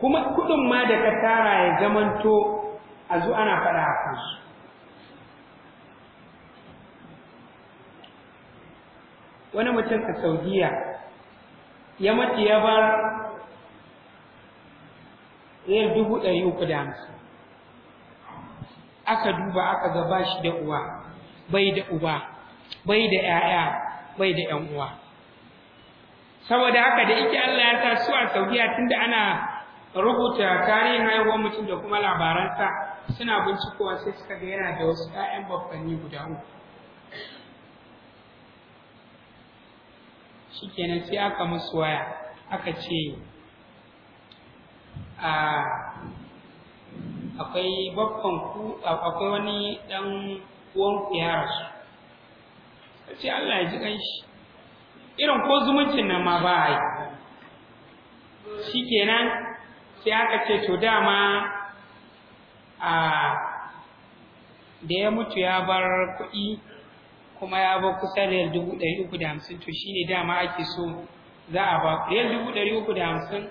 kuma kudin ma da ka tara ya zamanto a zo ana faɗa a kansu wani mutum a saudiya ya mace ya bar naira dubu ɗari uku da hamsin aka duba aka ga ba shi da uwa bai da uba bai da 'ya'ya bai da 'yan uwa saboda haka da ike Allah ya sa su a Saudiya tunda ana rubuta tarihin haihuwar mutum da kuma labaransa suna bincikowa sai suka ga yana da wasu 'ya'yan babbanni guda uku shikenan sai aka musu waya aka ce akwai babban ku akwai wani dan uwan ku ya rasu sai Allah ya ji kanshi irin ko zumuncin nan ma ba ai shikenan sai aka ce to dama a da ya mutu ya bar kuɗi kuma ya bar kusa da yar dubu ɗari uku da hamsin to shine dama ake so za a ba yar dubu ɗari uku da hamsin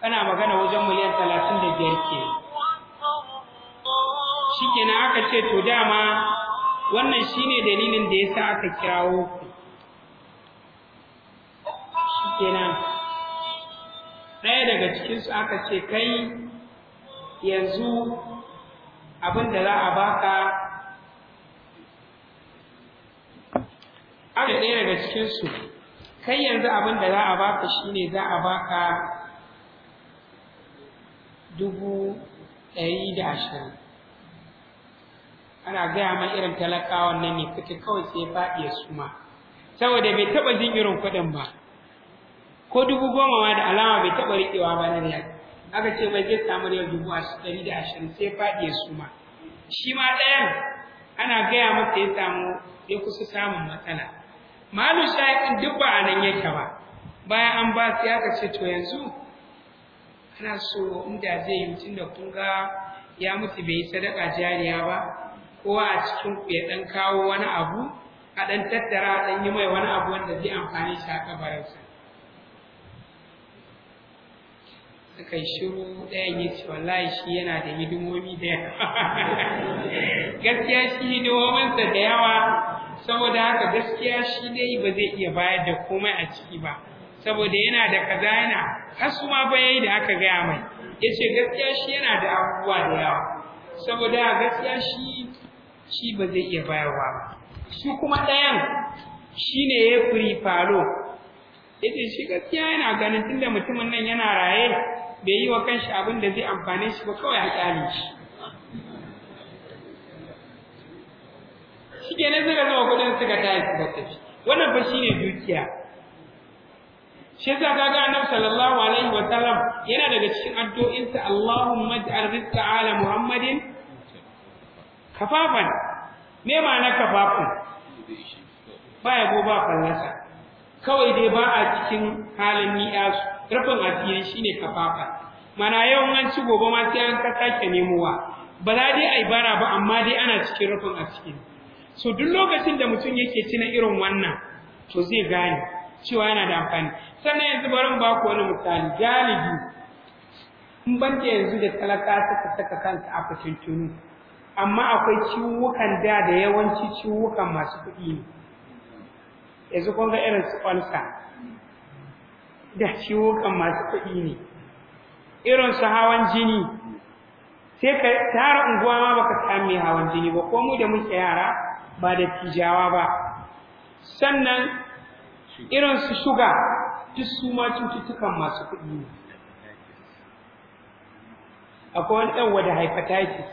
kana magana wajen miliyan talatin da biyar ke shikenan aka ce to dama wannan shine dalilin da ya sa aka kirawo ku shikenan ɗaya daga cikinsu aka ce kai yanzu abin da za a baka aka ɗaya daga cikinsu kai yanzu abin da za a baka shine za a baka dubu ɗari da ashirin ana gaya mai irin talakawan nan ne suka kawai sai faɗi ya suma saboda bai taɓa jin irin kuɗin ba ko dubu goma ma da alama bai taɓa riƙewa ba na riyal aka ce mai zai samu riyal dubu ɗari da ashirin sai faɗi ya suma shi ma ɗayan ana gaya masa ya samu ya kusa samun matsala malu shayatin duk ba a nan yake ba bayan an ba su ya ce to yanzu ina so inda zai yi tunda da kun ga ya mutu bai yi sadaka jariya ba ko a cikin ku ya dan kawo wani abu a dan tattara dan yi mai wani abu wanda zai amfani shi a kabarinsa suka yi shiru ɗayan ya ce wallahi shi yana da hidimomi da gaskiya shi hidimominsa da yawa saboda haka gaskiya shi dai ba zai iya bayar da komai a ciki ba saboda yana da kaza yana ma ba yayi da aka gaya mai yace gaskiya shi yana da abubuwa da yawa saboda gaskiya shi shi ba zai iya bayarwa ba shi kuma ɗayan shine ya firi faro yace shi gaskiya yana ganin tunda mutumin nan yana raye bai yi wa kanshi abin da zai amfane shi ba kawai a kyale shi shi ke nan zama zama kudin suka tafi wannan shi ne dukiya shi yasa kaga annabi sallallahu alaihi wa sallam yana daga cikin sa Allahumma ij'al rizqa ala Muhammadin kafafan me na kafafan ba ya go ba fallasa kawai dai ba a cikin halin ni'a rufin asiri shine kafafa mana yau an ci gobe ma sai an ka sake nemowa ba za dai ai bara ba amma dai ana cikin rufin asiri so duk lokacin da mutum yake cina irin wannan to zai gane cewa yana da amfani sannan yanzu barin ba ku wani misali galibi in banta yanzu da talaka suka saka kansa a fitintunu amma akwai ciwukan da da yawanci ciwukan masu kuɗi ne yanzu kun ga irin su da ciwukan masu kuɗi ne irin su hawan jini sai ka tara unguwa ma baka sami hawan jini ba ko mu da muke yara ba da tijawa ba sannan irin su shuga duk su ma cututtukan masu kuɗi ne akwai wani ɗan wada hepatitis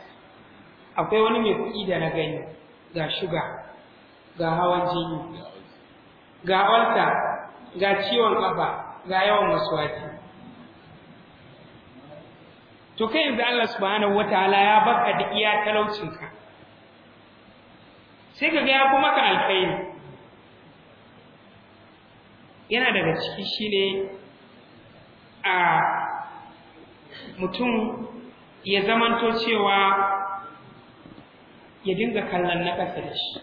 akwai wani mai kuɗi da na gani ga shuga ga hawan jini ga alta ga ciwon ƙafa ga yawan waswati to kai yanzu Allah wata wataala ya baka da iya talaucinka sai ga ya kuma ka alkhairi yana daga ciki shine a mutum ya zamanto cewa ya dinga kallon na ƙasa da shi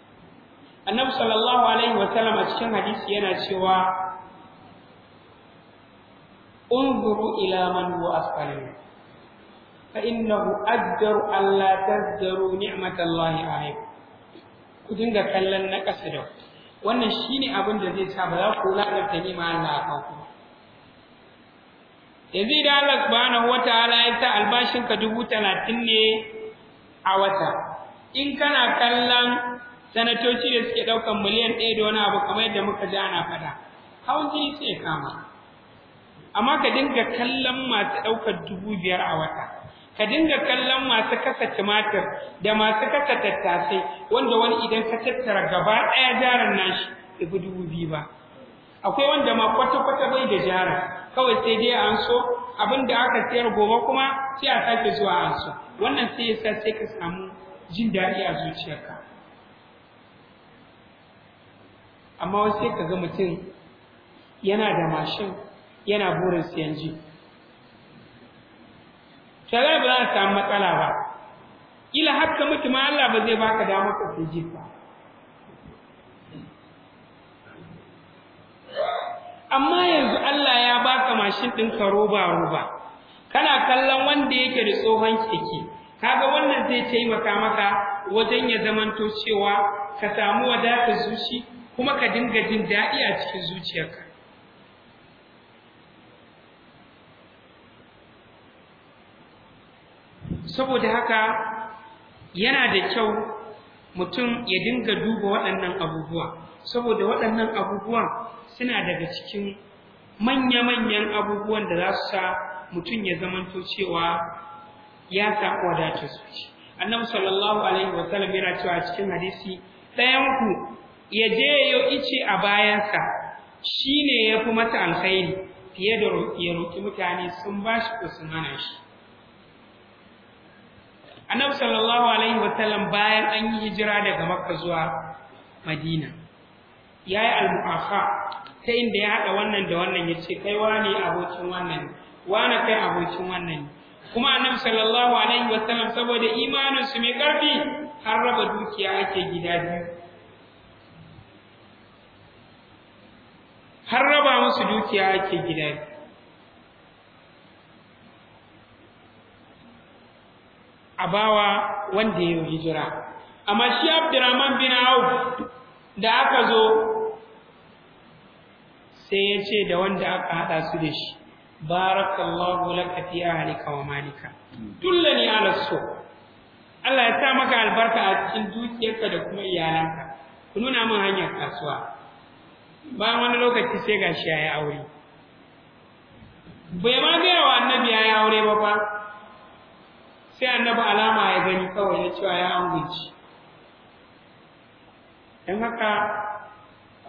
annabi sallallahu alaihi wasallam a cikin hadisi yana cewa unzuru ila من هو أسفل فإنه أجدر ألا تزدروا نعمة الله عليكم ku dinga kallon na ƙasa da ku wannan shi ne abin da zai sa ba za ku lalata ni ma Allah ka ku yanzu idan Allah subhanahu wataala ya sa albashin ka dubu talatin ne a wata in kana kallon sanatoci da suke ɗaukan miliyan ɗaya da wani abu kamar yadda muka ji ana faɗa hawan jini sai kama amma ka dinga kallon masu ɗaukar dubu biyar a wata ka dinga kallon masu kasa tumatir da masu kasa tattasai wanda wani idan ka tattara gaba ɗaya jaran nashi ibi dubu biyu ba akwai wanda ma kwata-kwata bai da jara kawai sai dai an so abin da aka sayar gobe kuma sai a sake zuwa an so wannan sai ya sa sai ka samu jin daɗi a zuciyarka amma wasu sai ka ga mutum yana da mashin yana burin siyan ji sai ba za ta samu matsala ba kila haka mutu ma Allah ba zai baka dama ka sai ba amma yanzu Allah ya baka mashin din ka roba roba kana kallon wanda yake da tsohon keke kaga wannan zai taimaka maka wajen ya zamanto cewa ka samu wadatar zuci kuma ka dinga jin daɗi a cikin zuciyarka saboda haka yana da kyau mutum ya dinga duba waɗannan abubuwa saboda waɗannan abubuwan suna daga cikin manya-manyan abubuwan da za su sa mutum ya zamanto cewa ya saƙo ta suci annabi sallallahu alaihi wasallam yana cewa cikin hadisi ɗayanku ya je ya ice a bayansa shine ya fi mata alkhairi fiye da ya roƙi mutane sun ba shi ko sun hana shi annabi sallallahu alaihi wasallam bayan an yi hijira daga makka zuwa madina ya yi almu'afa ta inda ya haɗa wannan da wannan ya ce kai wani abokin wannan wani kai abokin wannan kuma annabi sallallahu alaihi wasallam saboda imaninsu mai ƙarfi har raba dukiya ake gida biyu har raba musu dukiya ake gida biyu a bawa wanda ya hijira amma shi Abdurrahman bin Auf da aka zo sai ya ce da wanda aka hada su da shi barakallahu laka fi ahlika wa malika tullani ala so Allah ya sa maka albarka a cikin dukiyarka da kuma iyalanka ku nuna min hanyar kasuwa bayan wani lokaci sai gashi ya yi aure bai ma gaya wa annabi ya yi aure ba fa sai annabi alama ya gani kawai ya cewa ya amince dan haka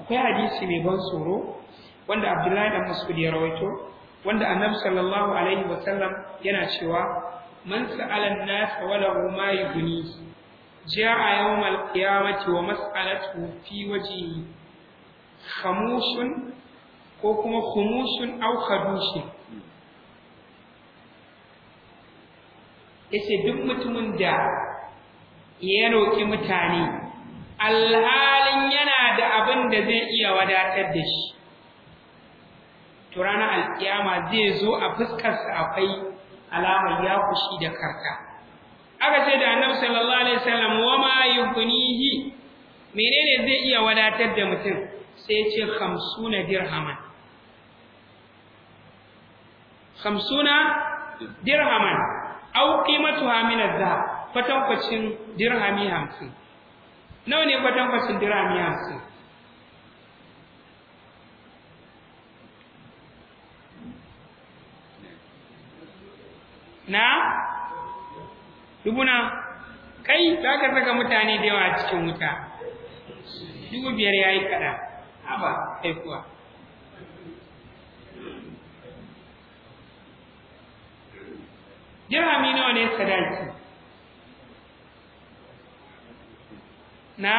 akwai hadisi mai ban tsoro wanda Abdullahi dan Mas'ud ya rawaito wanda Annabi sallallahu alaihi wasallam yana cewa man sa'ala an-nas wa lahu ma yughni ja'a yawm al-qiyamati wa mas'alatuhu fi yi. khamushun ko kuma khumushun aw khadushun yace duk mutumin da ya roki mutane alhalin yana da abin da zai iya wadatar da shi to ranar alkiyama zai zo a fuskarsa akwai alamar ya kushi da karka aka ce da annabi sallallahu alaihi wasallam wa ma yughnihi menene zai iya wadatar da mutum sai ce 50 dirhaman 50 dirhaman aw qimatuha min adh-dhahab kwatankwacin dirhami 50 nawa ne kwatankwacin dirhami 50 na dubuna kai za ka saka mutane da yawa a cikin wuta dubu biyar ya yi kaɗan haba kai kuwa dirhami nawa ne sadaki na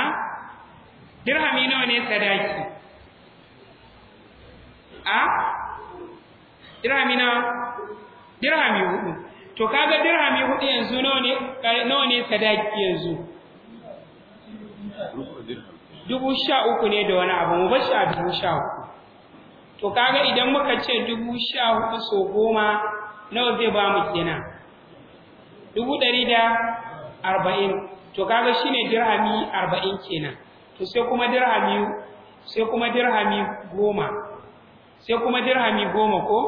dirhami nawa ne sadaki a dirhami nawa dirhami hudu to kaga dirhami hudu yanzu nawa ne nawa ne sadaki yanzu dubu sha uku ne da wani abu mu shi a dubu sha uku to kaga idan muka ce dubu sha uku so goma nawa zai ba mu kenan dubu ɗari da arba'in to kaga shine dirhami arba'in kenan to sai kuma dirhami sai kuma dirhami goma sai kuma dirhami goma ko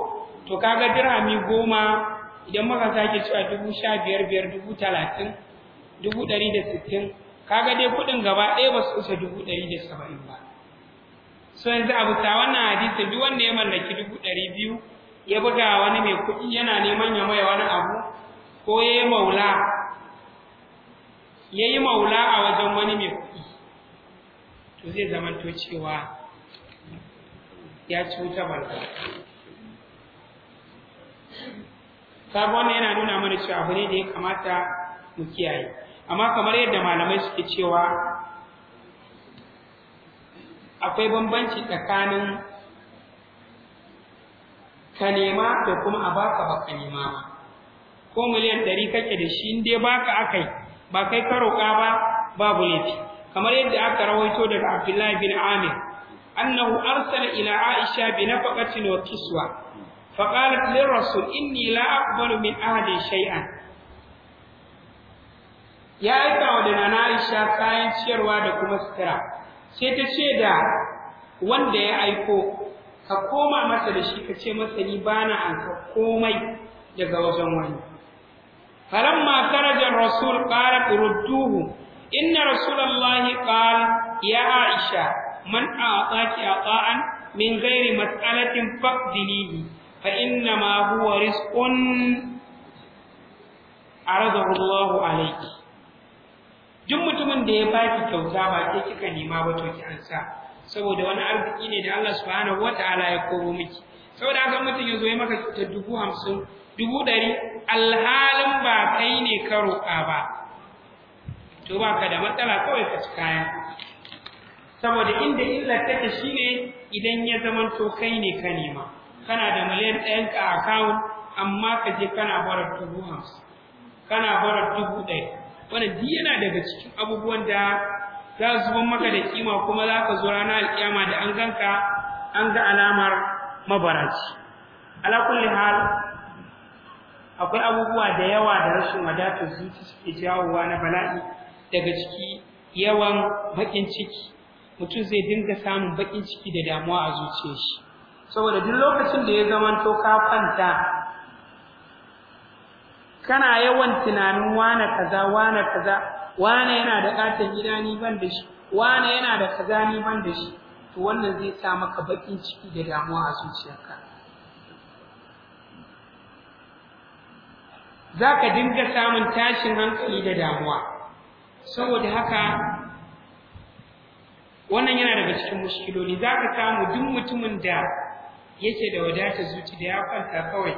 to kaga dirhami goma idan muka sake cewa dubu sha biyar biyar dubu talatin dubu ɗari da sittin kaga dai kuɗin gaba ɗaya ba su isa dubu ɗari da saba'in ba so yanzu abu ta wannan hadisi duk wanda ya mallaki dubu ɗari biyu ya buga wani mai kuɗi yana neman ya mai wani abu ko ya yi maula ya maula a wajen wani mai kuɗi to zai zama to cewa ya ci wuta barka sabon yana nuna mana cewa abu ne da ya kamata mu kiyaye amma kamar yadda malamai suke cewa akwai bambanci tsakanin ka nema da kuma a baka baka nema ba ko miliyan ɗari kake da shi in dai baka yi, ba kai ka roƙa ba babu laifi kamar yadda aka rawaito daga Abdullahi bin Amir annahu arsala ila Aisha bi nafaqatin wa kiswa lir rasul inni la aqbalu min ahli shay'an ya aika wa da Aisha kayan ciyarwa da kuma sutura sai ta ce da wanda ya aiko ka koma masa da shi ka ce masa ni bana an komai daga wajen wani فلما خرج الرسول قال ردوه إن رسول الله قال يا عائشة من أعطاك عطاء من غير مسألة فاقدليه فإنما هو رزق عرضه الله عليك duk mutumin da ya baki kyauta ba ke kika nema ba to ki ansa saboda wani arziki ne da Allah subhanahu wataala ya koro miki saboda haka mutum ya zo ya maka kyautar dubu hamsin dubu ɗari alhalin ba kai ne ka roƙa ba to ba ka da matsala kawai ka ci kaya saboda inda illar take shine idan ya to kai ne ka nema kana da miliyan ɗayan ka kawun, amma ka je kana bara dubu hamsin kana bara dubu ɗaya wannan duk yana daga cikin abubuwan da za su zuba maka da kima kuma za ka zo ranar alƙiyama da an ganka an ga alamar mabaraci ala kulli hal akwai abubuwa da yawa da rashin wadatar zuci suke jawowa na bala'i daga ciki yawan bakin ciki mutum zai dinga samun bakin ciki da damuwa a zuciyar shi saboda duk lokacin da ya zamanto ka kwanta kana yawan tunanin wane kaza wane kaza wane yana da katin gida ni ban da shi wane yana da kaza ni ban da shi to wannan zai sa maka bakin ciki da damuwa a zuciyarka za ka dinga samun tashin hankali da damuwa saboda haka wannan yana daga cikin mushkiloli za ka samu duk mutumin da yake da wadata zuci da ya kwanta kawai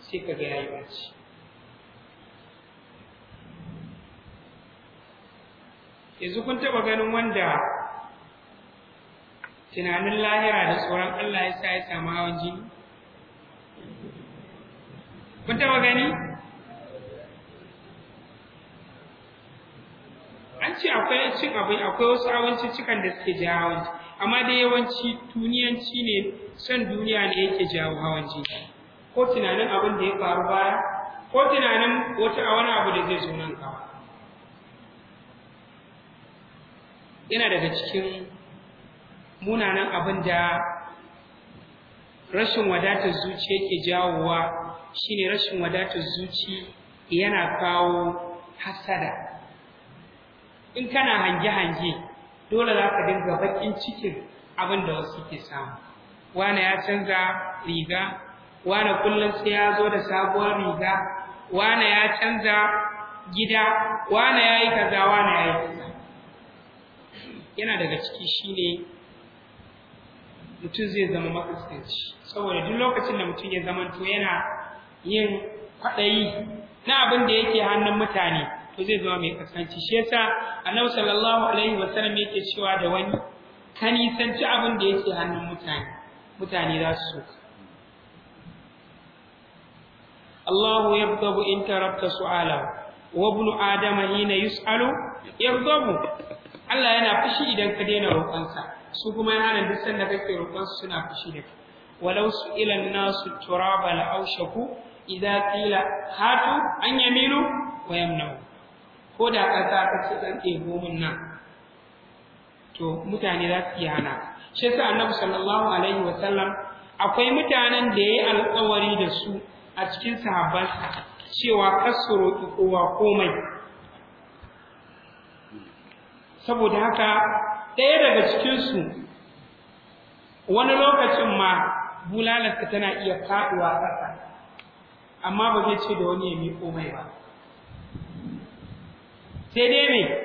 sai ka ga yayi bacci yanzu kun taɓa ganin wanda tunanin lahira da tsoron Allah ya sa ya samu hawan jini kun taba gani an ce akwai cin abin akwai wasu awanci cikan da suke jawo hawanci amma dai yawanci tuniyanci ne son duniya ne yake jawo hawanci ko tunanin abin da ya faru baya ko tunanin wata wani abu da zai zo nan gaba yana daga cikin munanan abin da rashin wadatar zuciya ke jawowa ne rashin wadatar zuci yana kawo hasada in kana hange-hange dole za ka dinga bakin cikin abin da wasu ke samu wane ya canza riga wane kullum sai ya zo da sabuwar riga wane ya canza gida wane ya yi kaza wane ya yi kaza yana daga ciki shi ne mutum zai zama makaskanci saboda duk lokacin da mutum ya zamanto yana yin kwaɗayi na abin da yake hannun mutane to zai zama mai kaskanci shi yasa annabi sallallahu alaihi wasallam yake cewa da wani ka nisanci abin da yake hannun mutane mutane za su soka الله يغضب إن تركت سؤاله وابن آدم حين Ya gabu. Allah yana fushi idan ka daina roƙonsa su kuma yana duk sanda kake roƙonsu suna fushi da kai walau su ilan nasu turaba la idza qila hatu an yamilu wa yamna'u ko da ƙasa ta ce dan ke gomin nan to mutane za su iya hana shi yasa annabi sallallahu alaihi wa sallam akwai mutanen da yayi alƙawari da su a cikin sahabban cewa kasuru su kowa komai saboda haka ɗaya daga cikinsu wani lokacin ma bulalarsa tana iya faɗuwa ƙasa amma ba zai ce da wani ya miƙo mai ba sai dai mai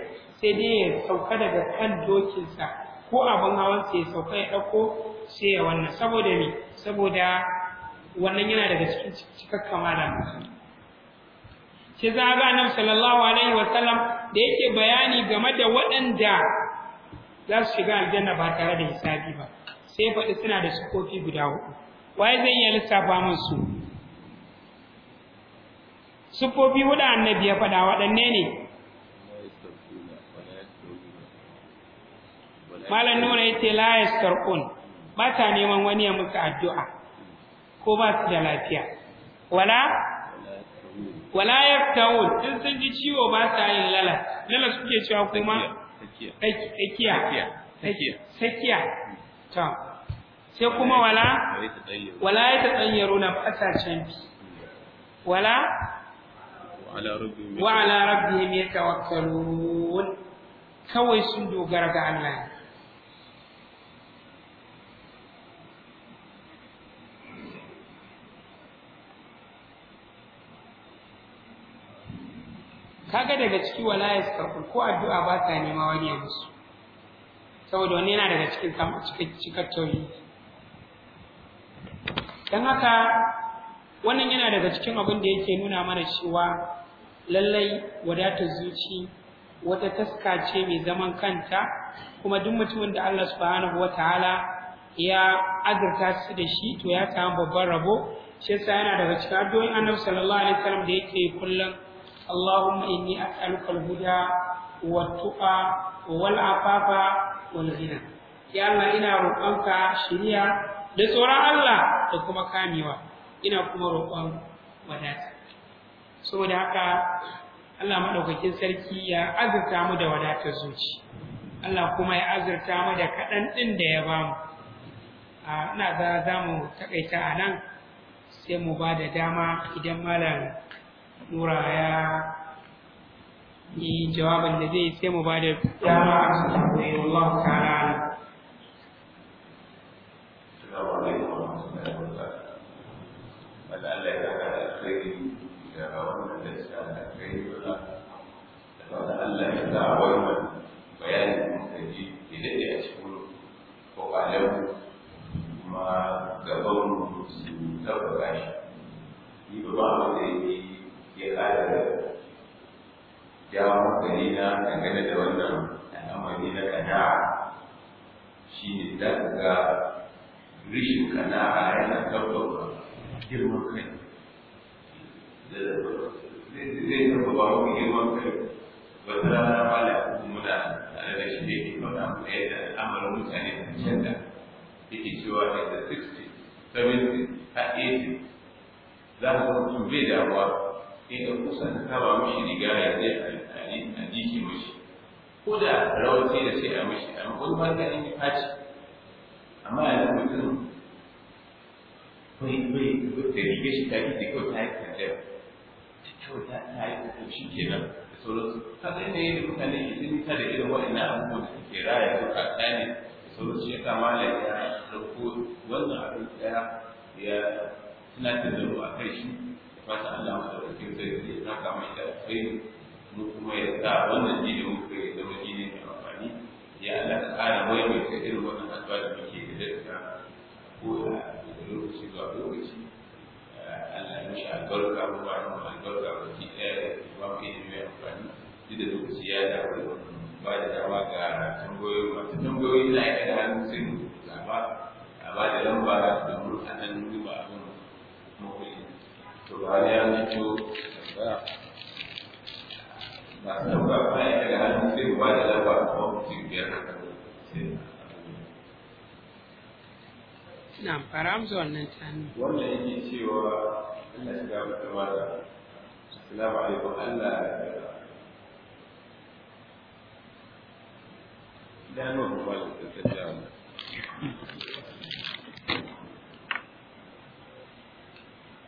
sai dai ya sauka daga kan dokinsa ko abin hawansa ya sauka ya ɗauko sai ya wannan saboda me saboda wannan yana daga cikin cikakka kamala sai za ga nan sallallahu alaihi wa da yake bayani game da waɗanda za su shiga aljanna ba tare da hisabi ba sai faɗi suna da sukofi guda hudu waye zai iya lissafa min su siffofi hudu annabi ya faɗa waɗanne ne malam nuna ya ce layas yastarqun ba ta neman wani ya musu addu'a ko ba su da lafiya wala wala yaftawun in sun ji ciwo ba sa yin lala lala suke cewa kuma tsakiya tsakiya ta sai kuma wala wala ya tsanyaro na fasashen bi wala wa ala rabbihim yatawakkalun kawai sun dogara ga Allah kaga daga ciki wala yastaghfir ko addu'a ba ta nema wani ya musu saboda wani yana daga cikin kamar cikin tauhidi dan haka wannan yana daga cikin abin da yake nuna mana cewa lallai wadatar zuci wata taska ce mai zaman kanta kuma duk mutumin da Allah subhanahu ta'ala ya azurta su da shi to ya samu babban rabo shi yasa yana daga cikin addu'o'in Annabi sallallahu alaihi wasallam da yake kullum Allahumma inni as'aluka al-huda wat-tuqa wal-afafa wal-ghina ya Allah ina roƙonka shiriya da tsoron Allah da kuma kamewa ina kuma roƙon wadata saboda haka Allah madaukakin sarki ya azurta mu da wadatar zuci Allah kuma ya azurta mu da kaɗan ɗin da ya bamu ina za za mu taƙaita a nan sai mu ba da dama idan malam nura ya yi jawabin da zai sai mu ba da dama a cikin wallahu ta'ala ɗaukaka shi ni ba ba abin da yake ya ƙara da jawo hankali na dangane da wannan al'amari na kana'a shi ne za rishin kana'a yana ɗaukaka girman kai zai taɓa ba mu girman kai wata rana malam muna tare da shi ne ke faɗa mu da al'amarin mutane a can da yake cewa da 60 70 har ebe za ka san mutum bai damuwa in ɗan kusa ta kama mishi riga ya zai a jiki mishi ko da rawanci da sai a mishi a wani ba ka yi faci amma yanzu mutum bai bai da riga shi ta gidi kawai ta yi kandiyar ta kawai ta ta yi kuku shi kenan da sauransu ta kaga yadda yadda mutane ke sun ta da irin waɗannan abubuwan da suke raya zuka ɗaya ne da sauransu ya kama da ya ɗauko wannan abin ɗaya ya tunatar da a kai shi fata Allah mu ɗauki sai ya saka mai da kai mu kuma ya sa wannan jini mu kai da mu jini mai amfani ya Allah ka ƙara mai mai kai irin wannan addu'a da muke da daga ko da lokaci zuwa lokaci Allah ya mishi albarka mu ba mu albarka mu ki ɗaya ba mu ilimi mai amfani duk da lokaci ya dawo ba da dama ga tambayoyi masu tambayoyi na aika da sai mu zaba ba da lamba da mun a nan ni ba abin mawuyi to ba ne an fito ba su tamba ba ya daga hannun ba da lamba kuma mutum biyar haka sai na fara amsa wannan wannan yake cewa Allah ya assalamu alaikum Allah ya ga da nuna ba da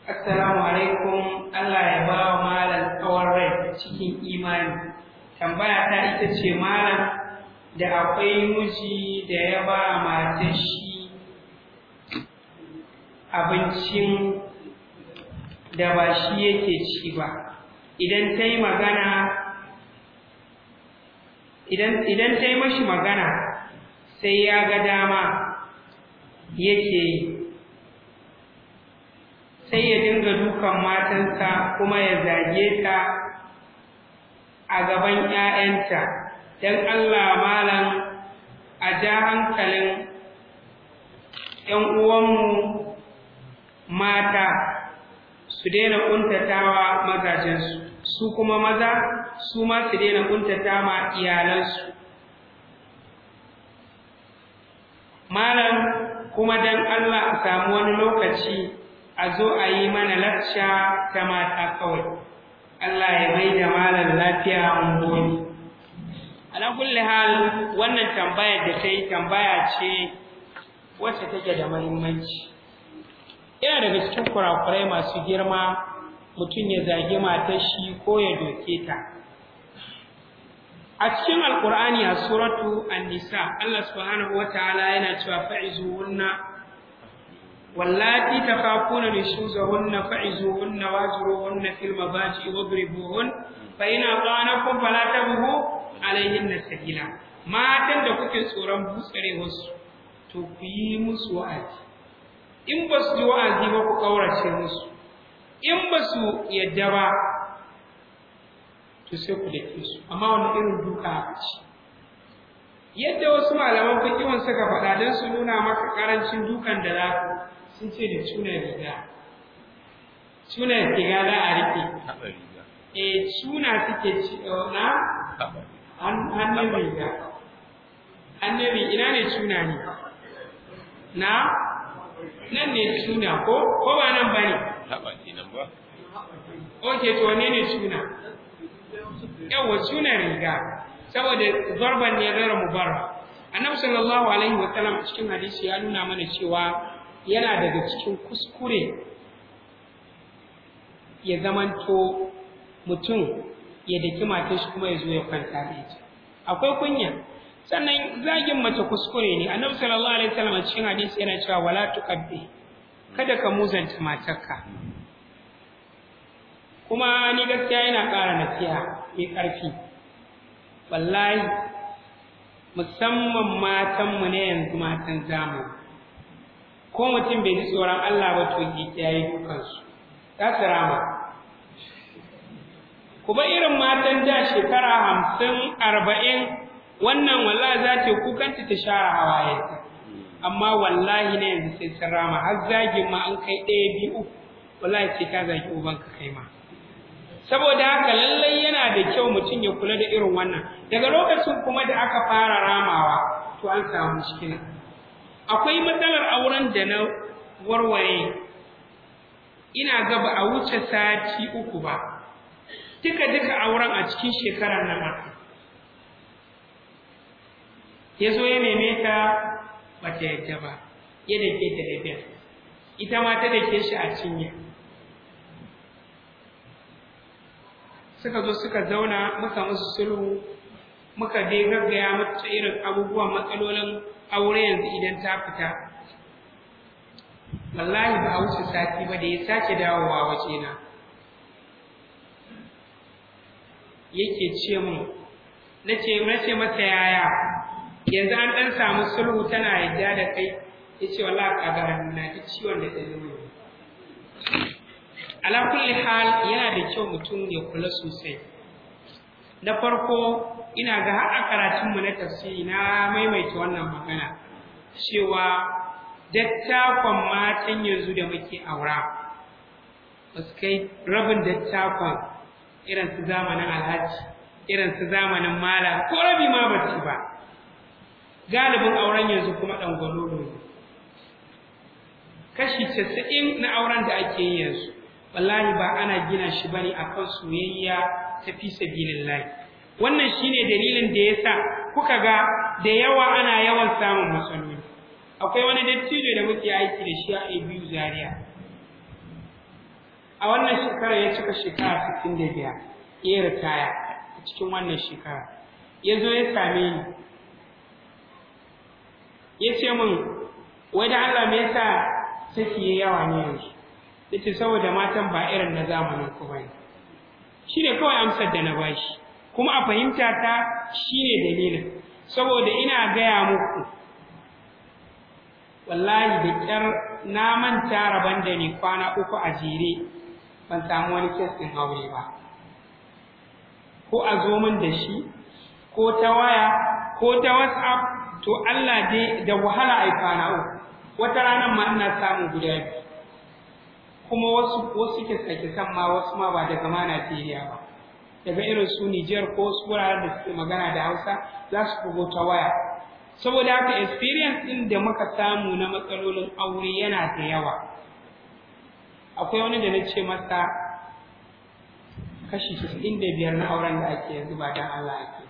assalamu alaikum Allah ya ba wa malam tsawon rai cikin imani tambaya ta ita ce malam da akwai miji da ya ba matar shi abincin da ba shi yake ci ba idan ta yi magana idan ta yi mashi magana sai ya ga dama yake yi sai ya dinga dukan matansa kuma ya zage ta a gaban 'ya'yanta don allah malam a ja hankalin 'yan uwanmu mata su daina ƙuntatawa mazajensu su kuma maza su ma su daina ƙuntata ma iyalansu malam kuma dan Allah a samu wani lokaci a zo a yi mana lakca ta mata kawai Allah ya bai da malar lafiya a gobe ala kulli hal wannan tambayar da ta yi tambaya ce wacce take da mahimmanci yana daga cikin kurakurai masu girma mutum ya zagi matar shi ko ya doke ta a cikin alkur'ani a suratu an-nisa Allah subhanahu ta'ala yana cewa wunna wallati تخافون نشوزهن فعزوهن wajruhunna في mabaji wadribuhun فإن in فلا fala عليهن alaihinna ما matan da kuke tsoron butsarewarsu to ku yi musu wa'azi in ba su yi wa'azi ba ku kaurace musu in ba su yadda ba ku yadda wasu malaman fikiwan suka faɗa don su nuna maka ƙarancin dukan da za ku sun ce da cuna riga cuna riga za a rike e cuna suke ci eh, na hannun riga hannun riga ina ne cuna ne na nan ne cuna ko ko ba nan ba ne Oke, to ne ne suna? Yawa suna riga, saboda zarban ne zara mubarak. Annabi sallallahu alaihi wa sallam cikin hadisi ya nuna mana cewa yana daga cikin kuskure ya zamanto mutum ya daki matar shi kuma ya zo ya kwanta da ita akwai kunya sannan zagin mace kuskure ne annabi sallallahu alaihi wasallam cikin hadisi yana cewa wala tuqabbi kada ka muzanta matarka kuma ni gaskiya yana ƙara nasiha mai ƙarfi wallahi musamman matanmu ne yanzu matan zamani ko mutum bai ji tsoron Allah ba to ya yi dukansu za su rama kuma irin matan da shekara hamsin arba'in wannan wallahi za ta kukanta ta share hawaye amma wallahi ne yanzu sai sun rama har zagin ma an kai ɗaya biyu wallahi ce ka zagi ubanka kai ma saboda haka lallai yana da kyau mutum ya kula da irin wannan daga lokacin kuma da aka fara ramawa to an samu cikin akwai matsalar auren da na warware ina gaba a wuce sati uku ba duka duka auren a cikin shekara na ma ya zo ya neme ta ba ta yadda ba ya ke da ita ma ta dake shi a cinya suka zo suka zauna muka musu sulhu muka dai gaggaya mata irin abubuwan matsalolin aure yanzu idan ta fita wallahi ba a wuce sati ba da ya sake dawowa wajena. na yake ce na ce nace masa yaya yanzu an ɗan samu sulhu tana yadda da kai ya ce wallahi kagara na ji ciwon da dare ne ala kulli yana da kyau mutum ya kula sosai na farko ina ga har a karatun mu na tafsiri na maimaita wannan magana cewa dattakon matan yanzu da muke aura ba su kai rabin dattakon irin su zamanin alhaji irin su zamanin mala ko rabi ma ba ci ba galibin auren yanzu kuma dan gwalolo ne kashi casa'in na auren da ake yi yanzu wallahi ba ana gina shi bane akan soyayya ta fi wannan shine dalilin da yasa kuka ga da yawa ana yawan samun matsaloli akwai wani dattijo da muke aiki da shi a abu zaria a wannan shekara ya cika shekara 65 ya a cikin wannan shekara ya zo ya same ni ya ce min wai da Allah me yasa saki yawa ne yanzu yace saboda matan ba irin na zamanin ku bane ne kawai amsar da na ba shi kuma a fahimta ta ne dalilin saboda ina gaya muku wallahi da ƙyar naman manta rabon da ni kwana uku a jere ban samu wani kestin ɗin aure ba ko a zo min da shi ko ta waya ko ta whatsapp to Allah dai da wahala yi kwana uku wata ranar ma ina samun guda biyu kuma wasu ko suke sake san ma wasu ma ba daga ma Najeriya ba daga irin su Nijar ko su wuraren da suke magana da Hausa za su bugo ta waya saboda haka experience din da muka samu na matsalolin aure yana da yawa akwai wani da na ce masa kashi 95 na auren da ake yanzu ba dan Allah ake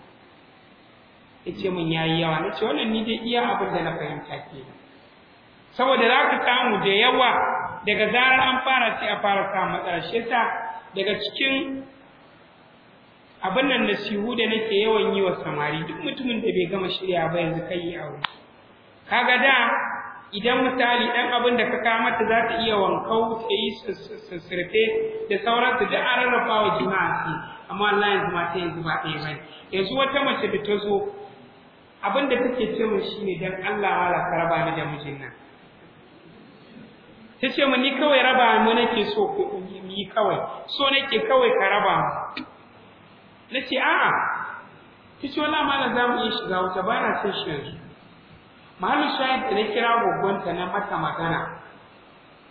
yace mun yayi yawa nace wannan ni dai iya abin da na fahimta ke saboda za ka samu da yawa daga zarar an fara sai a fara sa matsala shi daga cikin abin nan nasihu da nake yawan yi wa samari duk mutumin da bai gama shirya ba yanzu kai yi aure kaga da idan misali dan abin da ka kama mata za ta iya wankau ta yi sassarfe da sauransu da an rarrafa wa jima'a su amma Allah yanzu ma ta yanzu ba yi bane yanzu wata mace da ta zo abin da take ce shine dan Allah wala raba ni da mijin nan ta ce mun ni kawai raba mu nake so ku yi kawai so nake kawai ka raba mu na ce a'a ta ce wala mala za mu iya shiga wuta ba na son shi yanzu Mahallin shahid da na kira ta na mata magana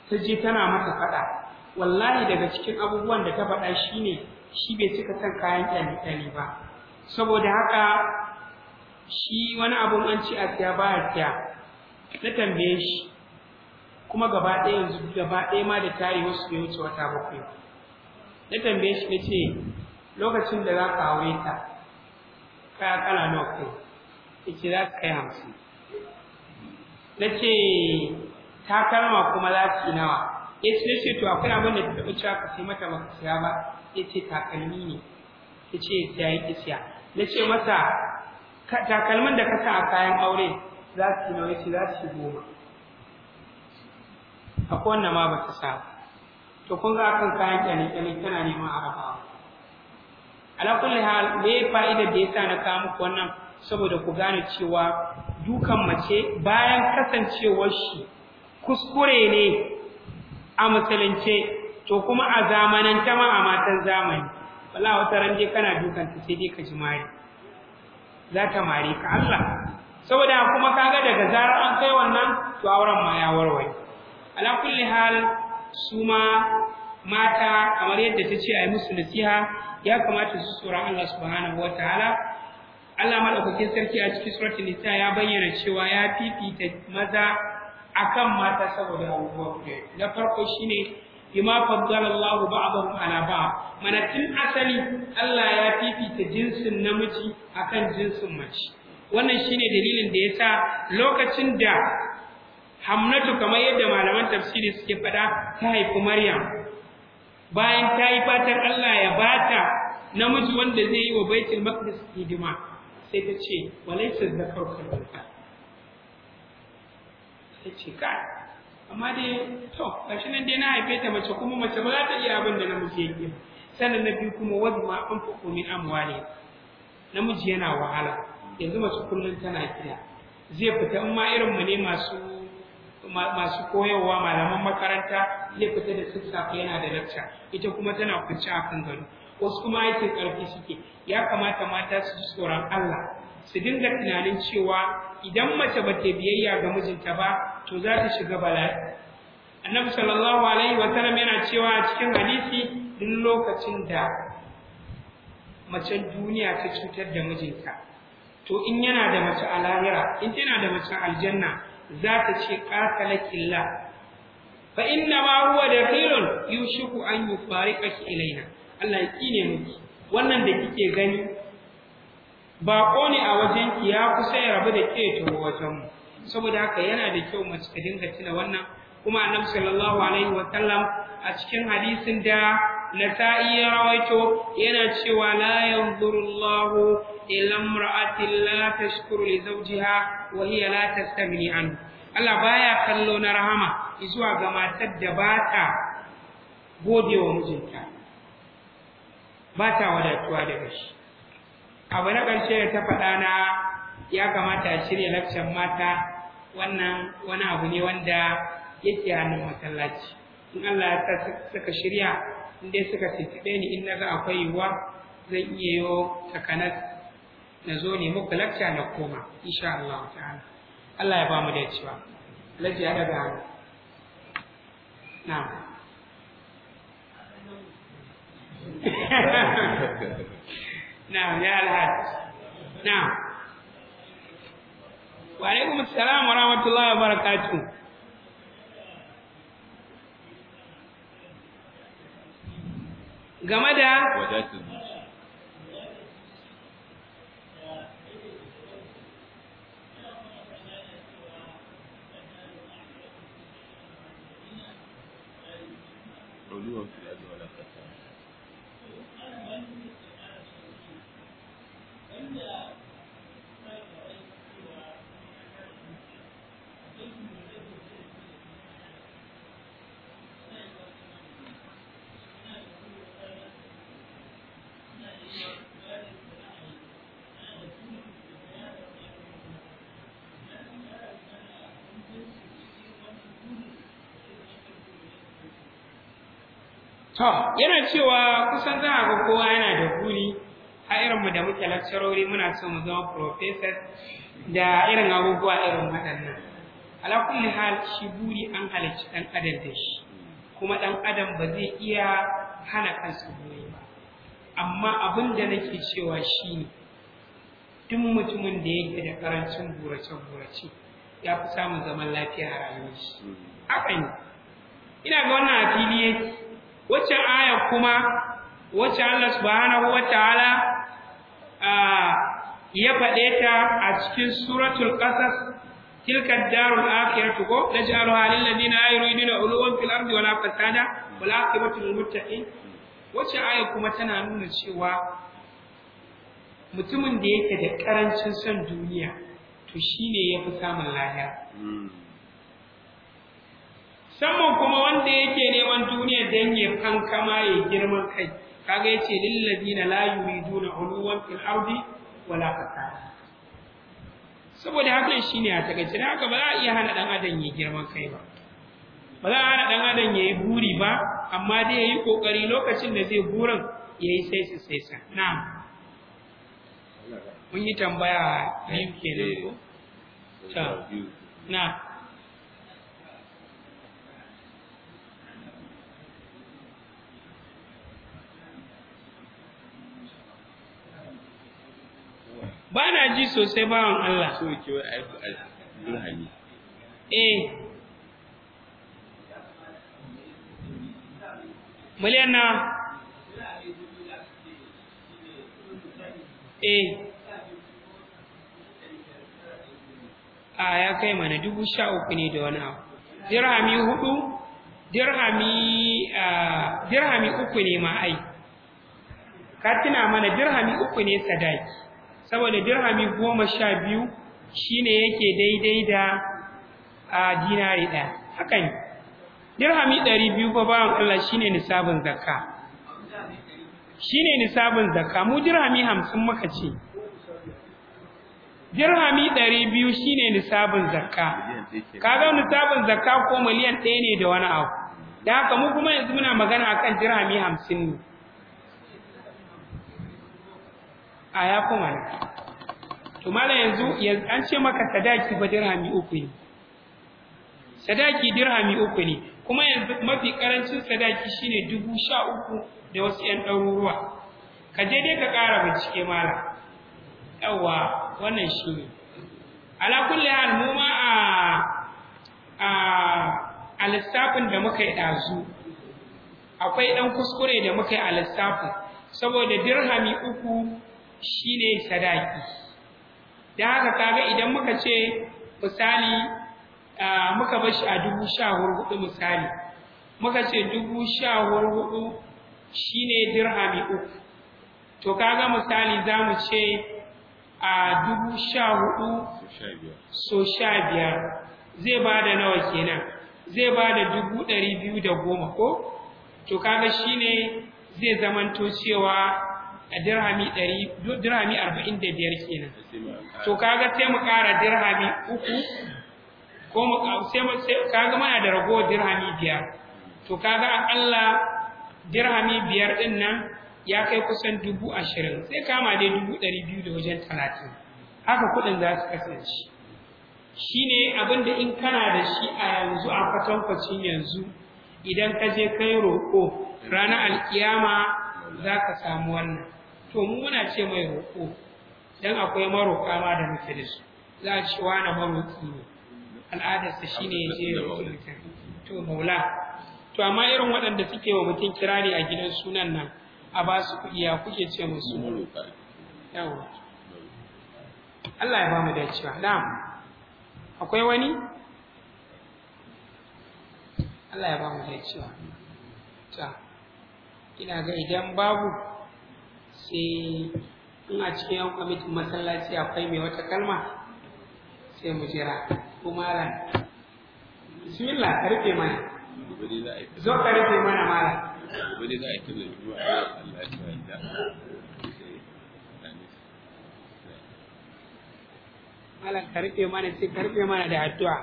ta je tana mata faɗa wallahi daga cikin abubuwan da ta faɗa shine shi bai cika son kayan kyali-kyali ba saboda haka shi wani abun an ci a siya ba a siya na tambaye shi kuma gaba ɗaya yanzu gaba ɗaya ma da tare wasu bai wuce wata bakwai na tambaye shi na ce lokacin da za ka aure ta kaya kana nawa kai ya ce za ka kai hamsin na ce ta kalma kuma za su yi nawa ya ce na ce to akwai abin da ta taɓa aka ka sai mata maka siya ba ya ce takalmi ne ya ce ya yi siya na ce masa takalmin da ka sa a kayan aure za su yi nawa ya ce za su yi goma akwai wannan ma ba ta sa to kun ga kan kayan ɗani-ɗani tana neman arabawa ala kulli hal me fa'ida da yasa na kawo muku wannan saboda ku gane cewa dukan mace bayan kasancewar shi kuskure ne a musulunce to kuma a ta ma a matan zamani wala wata ran kana dukan ta sai dai ka jima'i za ta mare ka Allah saboda kuma kaga daga zarar an kai wannan to auren ma ya warware ala kulli hal suma, mata kamar yadda ta ce a yi musu nasiha ya kamata su tsora Allah subhanahu wa ta'ala Allah madaukakin sarki a cikin suratul nisa ya bayyana cewa ya fifita maza akan mata saboda abubuwa na farko shine bima faddala Allah ba'dahu ala ba'd mana tun asali Allah ya fifita jinsin namiji akan jinsin mace wannan shine dalilin da yasa lokacin da hamnatu kamar yadda malaman tafsiri suke faɗa ta haifi maryam bayan ta yi fatan Allah ya bata namiji wanda zai yi wa baitul maqdis hidima sai ta ce walaysa zakaru kalka sai ce ka. amma dai to gashi nan dai na haife ta mace kuma mace ba za ta iya abin da namiji yake sannan na biyu kuma wani ma an fuku min amwali namiji yana wahala yanzu mace kullum tana kira zai fita in ma irin mu ne masu masu koyarwa malaman makaranta zai fita da sassafe yana da lacca ita kuma tana kwanci a kan gado wasu kuma aikin ƙarfi suke ya kamata mata su tsoron Allah su dinga tunanin cewa idan mace ba ta biyayya ga mijinta ba to za ta shiga bala'i annabi sallallahu alaihi wa sallam yana cewa a cikin hadisi duk lokacin da macen duniya ta cutar da mijinta to in yana da mace a in tana da mace aljanna za ta ce qatalakillah fa inna ma huwa dakhilun yushiku an yufariqaki ilaina Allah ya kine miki wannan da kike gani ko ne a wajen ki, ya kusa ya rabu da ke to wajen mu saboda haka yana da kyau mace ka dinga tuna wannan kuma annabi sallallahu alaihi wa sallam a cikin hadisin da Nasa'i rawaito yana cewa la yanzurullahu illa imra'atin la tashkuru li zawjiha wa hiya la tastaghni anhu Allah baya kallo na rahama zuwa ga matar da bata ta wa mijinta bata wadatuwa daga shi abu na ƙarshe da ta faɗa na ya kamata a shirya lafcan mata wannan wani abu ne wanda yake hannun masallaci in Allah ya saka shirya in dai suka siti ni in na ga akwai yiwuwa zan iya yo takanas na zo ne muku lakta na koma insha Allah ta'ala Allah ya ba mu da cewa laji ya daga na na ya alhaji na wa alaikum assalam wa rahmatullahi wa barakatuh game da to yana cewa kusan za a ga kowa yana da buri a irinmu da muke lakcarori muna so mu zama professors da irin abubuwa irin waɗannan Alakun hal shi buri an halicci ɗan adam da shi kuma ɗan adam ba zai iya hana kansa guri ba amma abin da nake cewa shi ne, duk mutumin da yake da karancin burace-burace ya fi samun zaman lafiya a rayuwar shi haka ne ina ga wannan a fili yake waccan aya kuma wacce Allah subhanahu wataala ya faɗe ta a cikin suratul qasas تلك ko الآخرة halil ladina للذين لا fil ardi wala fasada wala فسادا lil muttaqin wacce aya kuma tana nuna cewa mutumin da yake da karancin son duniya to shine yafi samun lahiya. Hmm. musamman kuma wanda yake neman duniya dan ya kankama ya girman kai kaga yace lil ladina la yuriduna uluwan fil ardi wala fasada saboda hakan shine a takaice haka ba za a iya hana dan adam ya girman kai ba ba za a hana dan adam ya yi buri ba amma dai yayi kokari lokacin da zai burin yi sai su sai sa na'am mun yi tambaya ayyuke kenan ko eh, ta ba na ji sosai bawan Allah so ke eh miliyan na eh a ya kai mana dubu sha uku ne da wani abu dirhami hudu dirhami dirhami uku ne ma ai ka mana dirhami uku ne sadaki saboda dirhami goma sha biyu shine yake daidai da a dinari ɗaya haka ne dirhami ɗari biyu ba bawan Allah shine nisabin zakka shine nisabin zakka mu dirhami hamsin muka ce dirhami ɗari biyu shine nisabin zakka kaga nisabin zakka ko miliyan ɗaya ne da wani abu da haka mu kuma yanzu muna magana akan dirhami hamsin ne a ya koma to yanzu an ce maka sadaki ba dirhami uku ne sadaki dirhami uku ne kuma yanzu mafi karancin sadaki shine dubu sha uku da wasu yan ɗaruruwa ka je dai ka ƙara bincike mala. yawa wannan shi ne ala kulli hal mu ma a a da muka yi ɗazu akwai ɗan kuskure da muka yi a lissafin saboda dirhami uku shine sadaki da haka kaga idan muka ce misali muka bashi a dubu sha hudu misali muka ce dubu sha hudu shine dirhami uku to kaga misali za mu ce a dubu sha hudu so sha biyar zai ba da nawa kenan zai ba da dubu ɗari biyu da goma ko to kaga shine zai zamanto cewa a dirhami 100 dirhami arba'in da biyar kenan to kaga sai mu ƙara dirhami uku ko mu sai mu kaga muna da rago dirhami biyar to kaga Allah dirhami biyar din nan ya kai kusan dubu ashirin sai kama dai dubu ɗari biyu da wajen talatin haka kuɗin za su kasance shi ne abin da in kana da shi a yanzu a kwatankwacin yanzu idan ka je kai roƙo ranar alkiyama za ka samu wannan to mu muna ce mai roƙo dan akwai maroƙa ma da muke da su za a ci wani maroƙi ne al'adarsa shine ya je ya mutum to maula to amma irin waɗanda suke wa mutum kirari a gidan sunan nan a ba su kuɗi ya kuke ce musu yawa Allah ya ba mu dacewa na'am akwai wani Allah ya ba mu dacewa ta ina ga idan babu sai in a cikin yan kwamitin masallaci akwai mai wata kalma sai mu jira kuma malam bismillah ka rufe mana zo ka rufe mana malam gobe za a kira juma'a Allah ka rufe mana sai ka rufe mana da addu'a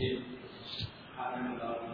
Thank you.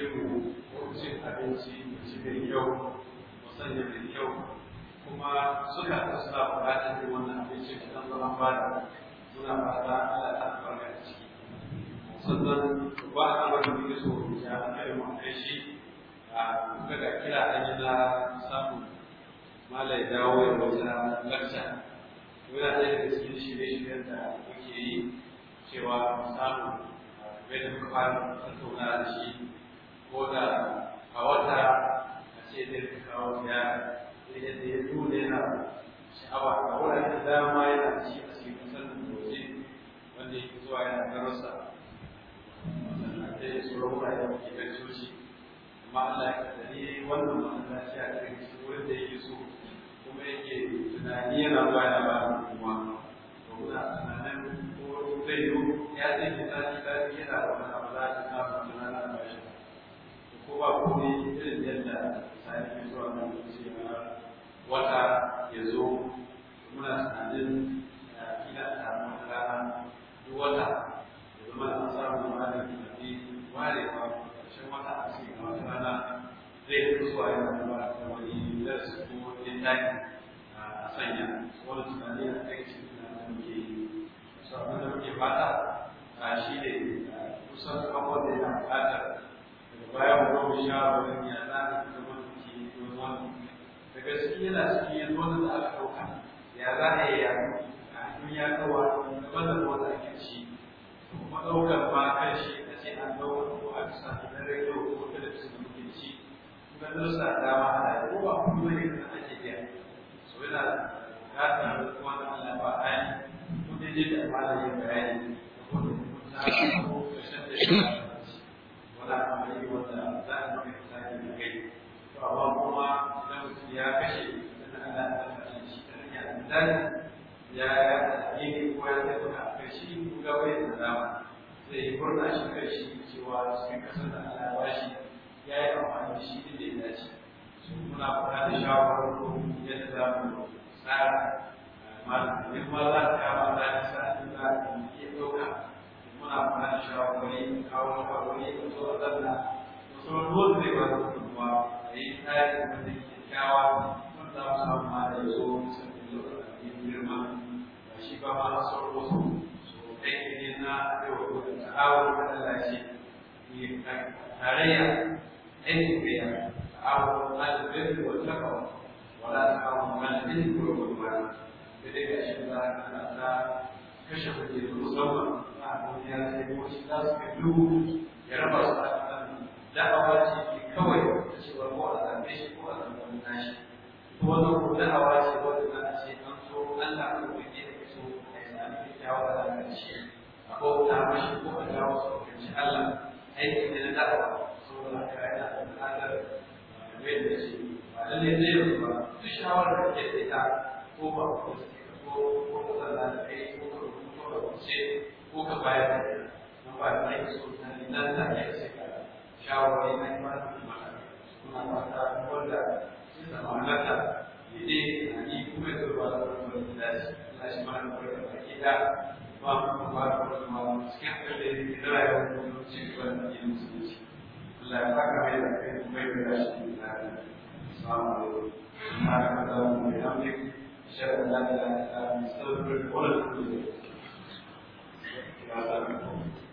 kiwo ko cin abinci ci mai kyau musanya mai kyau kuma suna ta suna buƙatar yin wannan abinci da ɗan zaman bada suna ba fata ala ta albarka a ciki sannan ba a kamar da muke so ya kai mu kai shi a kuka ga kira a yi na samu mala ya dawo ya bauta lakta yana ɗaya daga cikin shirye-shiryen da muke yi cewa samu bai da muka fara tattauna da shi ko a wata a ce zai fi kawo ziyara sai yadda ya dole yana sha'awa a wuraren da dama yana ci a cikin kasar da waje wanda yake zuwa yana darussa masallatai da sauran wurare da ke kan coci amma Allah ya kaddare wannan masallaci a cikin wurin da yake so kuma yake tunani yana ba yana ba kuma to kuna tunanin ko zai yi ya zai fita shi yana da wani abu za a ci ba ko irin yadda sani ke zuwa nan lokaci na wata ya zo muna tunanin eh, kila a samu rana duk wata ya zama da an samu ranar da ke warewa ƙarshen wata a cikin wata rana zai fi zuwa yana zuwa da wani darasi ko wani taki eh, a sanya wani tunani a aikin da ke yi. Sabon da muke fata eh, shi ne kusan kamar da yana buƙatar kawo shawarar ya a wani da gaske yana cikin yin wani da aka ɗauka ya za a yi yaƙi a cikin da wanda ake ci kuma ɗaukar ma kan shi a ce an ɗaukar ko a bisa na ko da muke ci kuma dama ko ba kuma ne da ake biya so yana kuma da Allah ba a yi da da da kuma da kuma da shi ya yake ko ya tafi a karshe ga bai da dama sai murna shi karshe cewa cikin kasar da Allah ya bashi ya yi amfani da shi inda ya dace su muna da shawarar yadda za mu tsara malamin ma za ta kama za ta sa inda ke ɗauka muna fara da shawarwari kawo shawarwari da so a zanna wasu ruwan zai ba su kuma a yi tsari wanda wanda za mu samu ma da girma ba shi ba ma a sauran wasu so aiki ne na yau da ta'awar matsalaci eh, ne tarayya aiki ne ya ta'awar alibin wa takawa wala ta'awar alibin wa gudunwa da dai ga shi za a kana ta kashe kuɗi da musamman na abin ya sai ko shi za su kai duhu ya raba su a kan da'awa ce kawai da cewa ko a zaɓe shi ko a zaɓe nashi ko wani da'awa ce wanda za a Allah ko da so a sami kyakkyawa a lalace a bauta mashi ko a dawo su kanci Allah aiki da na dafa saboda ka yana da bukatar da shi ba lalle zai yi ba duk shawarar da ke da ita ko ba ko ko ko ko ka ko ka rubuta ko ka wuce ko ka bayar da ita na ba da aiki so na nan ta ke da ka shawarar na yi ma da kuma ta wanda sun zama halatta Jadi ini bukan sesuatu yang jelas. Jelas mana mereka kita bahawa bahawa semua siapa dari kita yang mempunyai cipuan ilmu sendiri. Allah tak kami dapat memberi rasa dalam Islam. Maka kita mengambil syarat dan Terima kasih.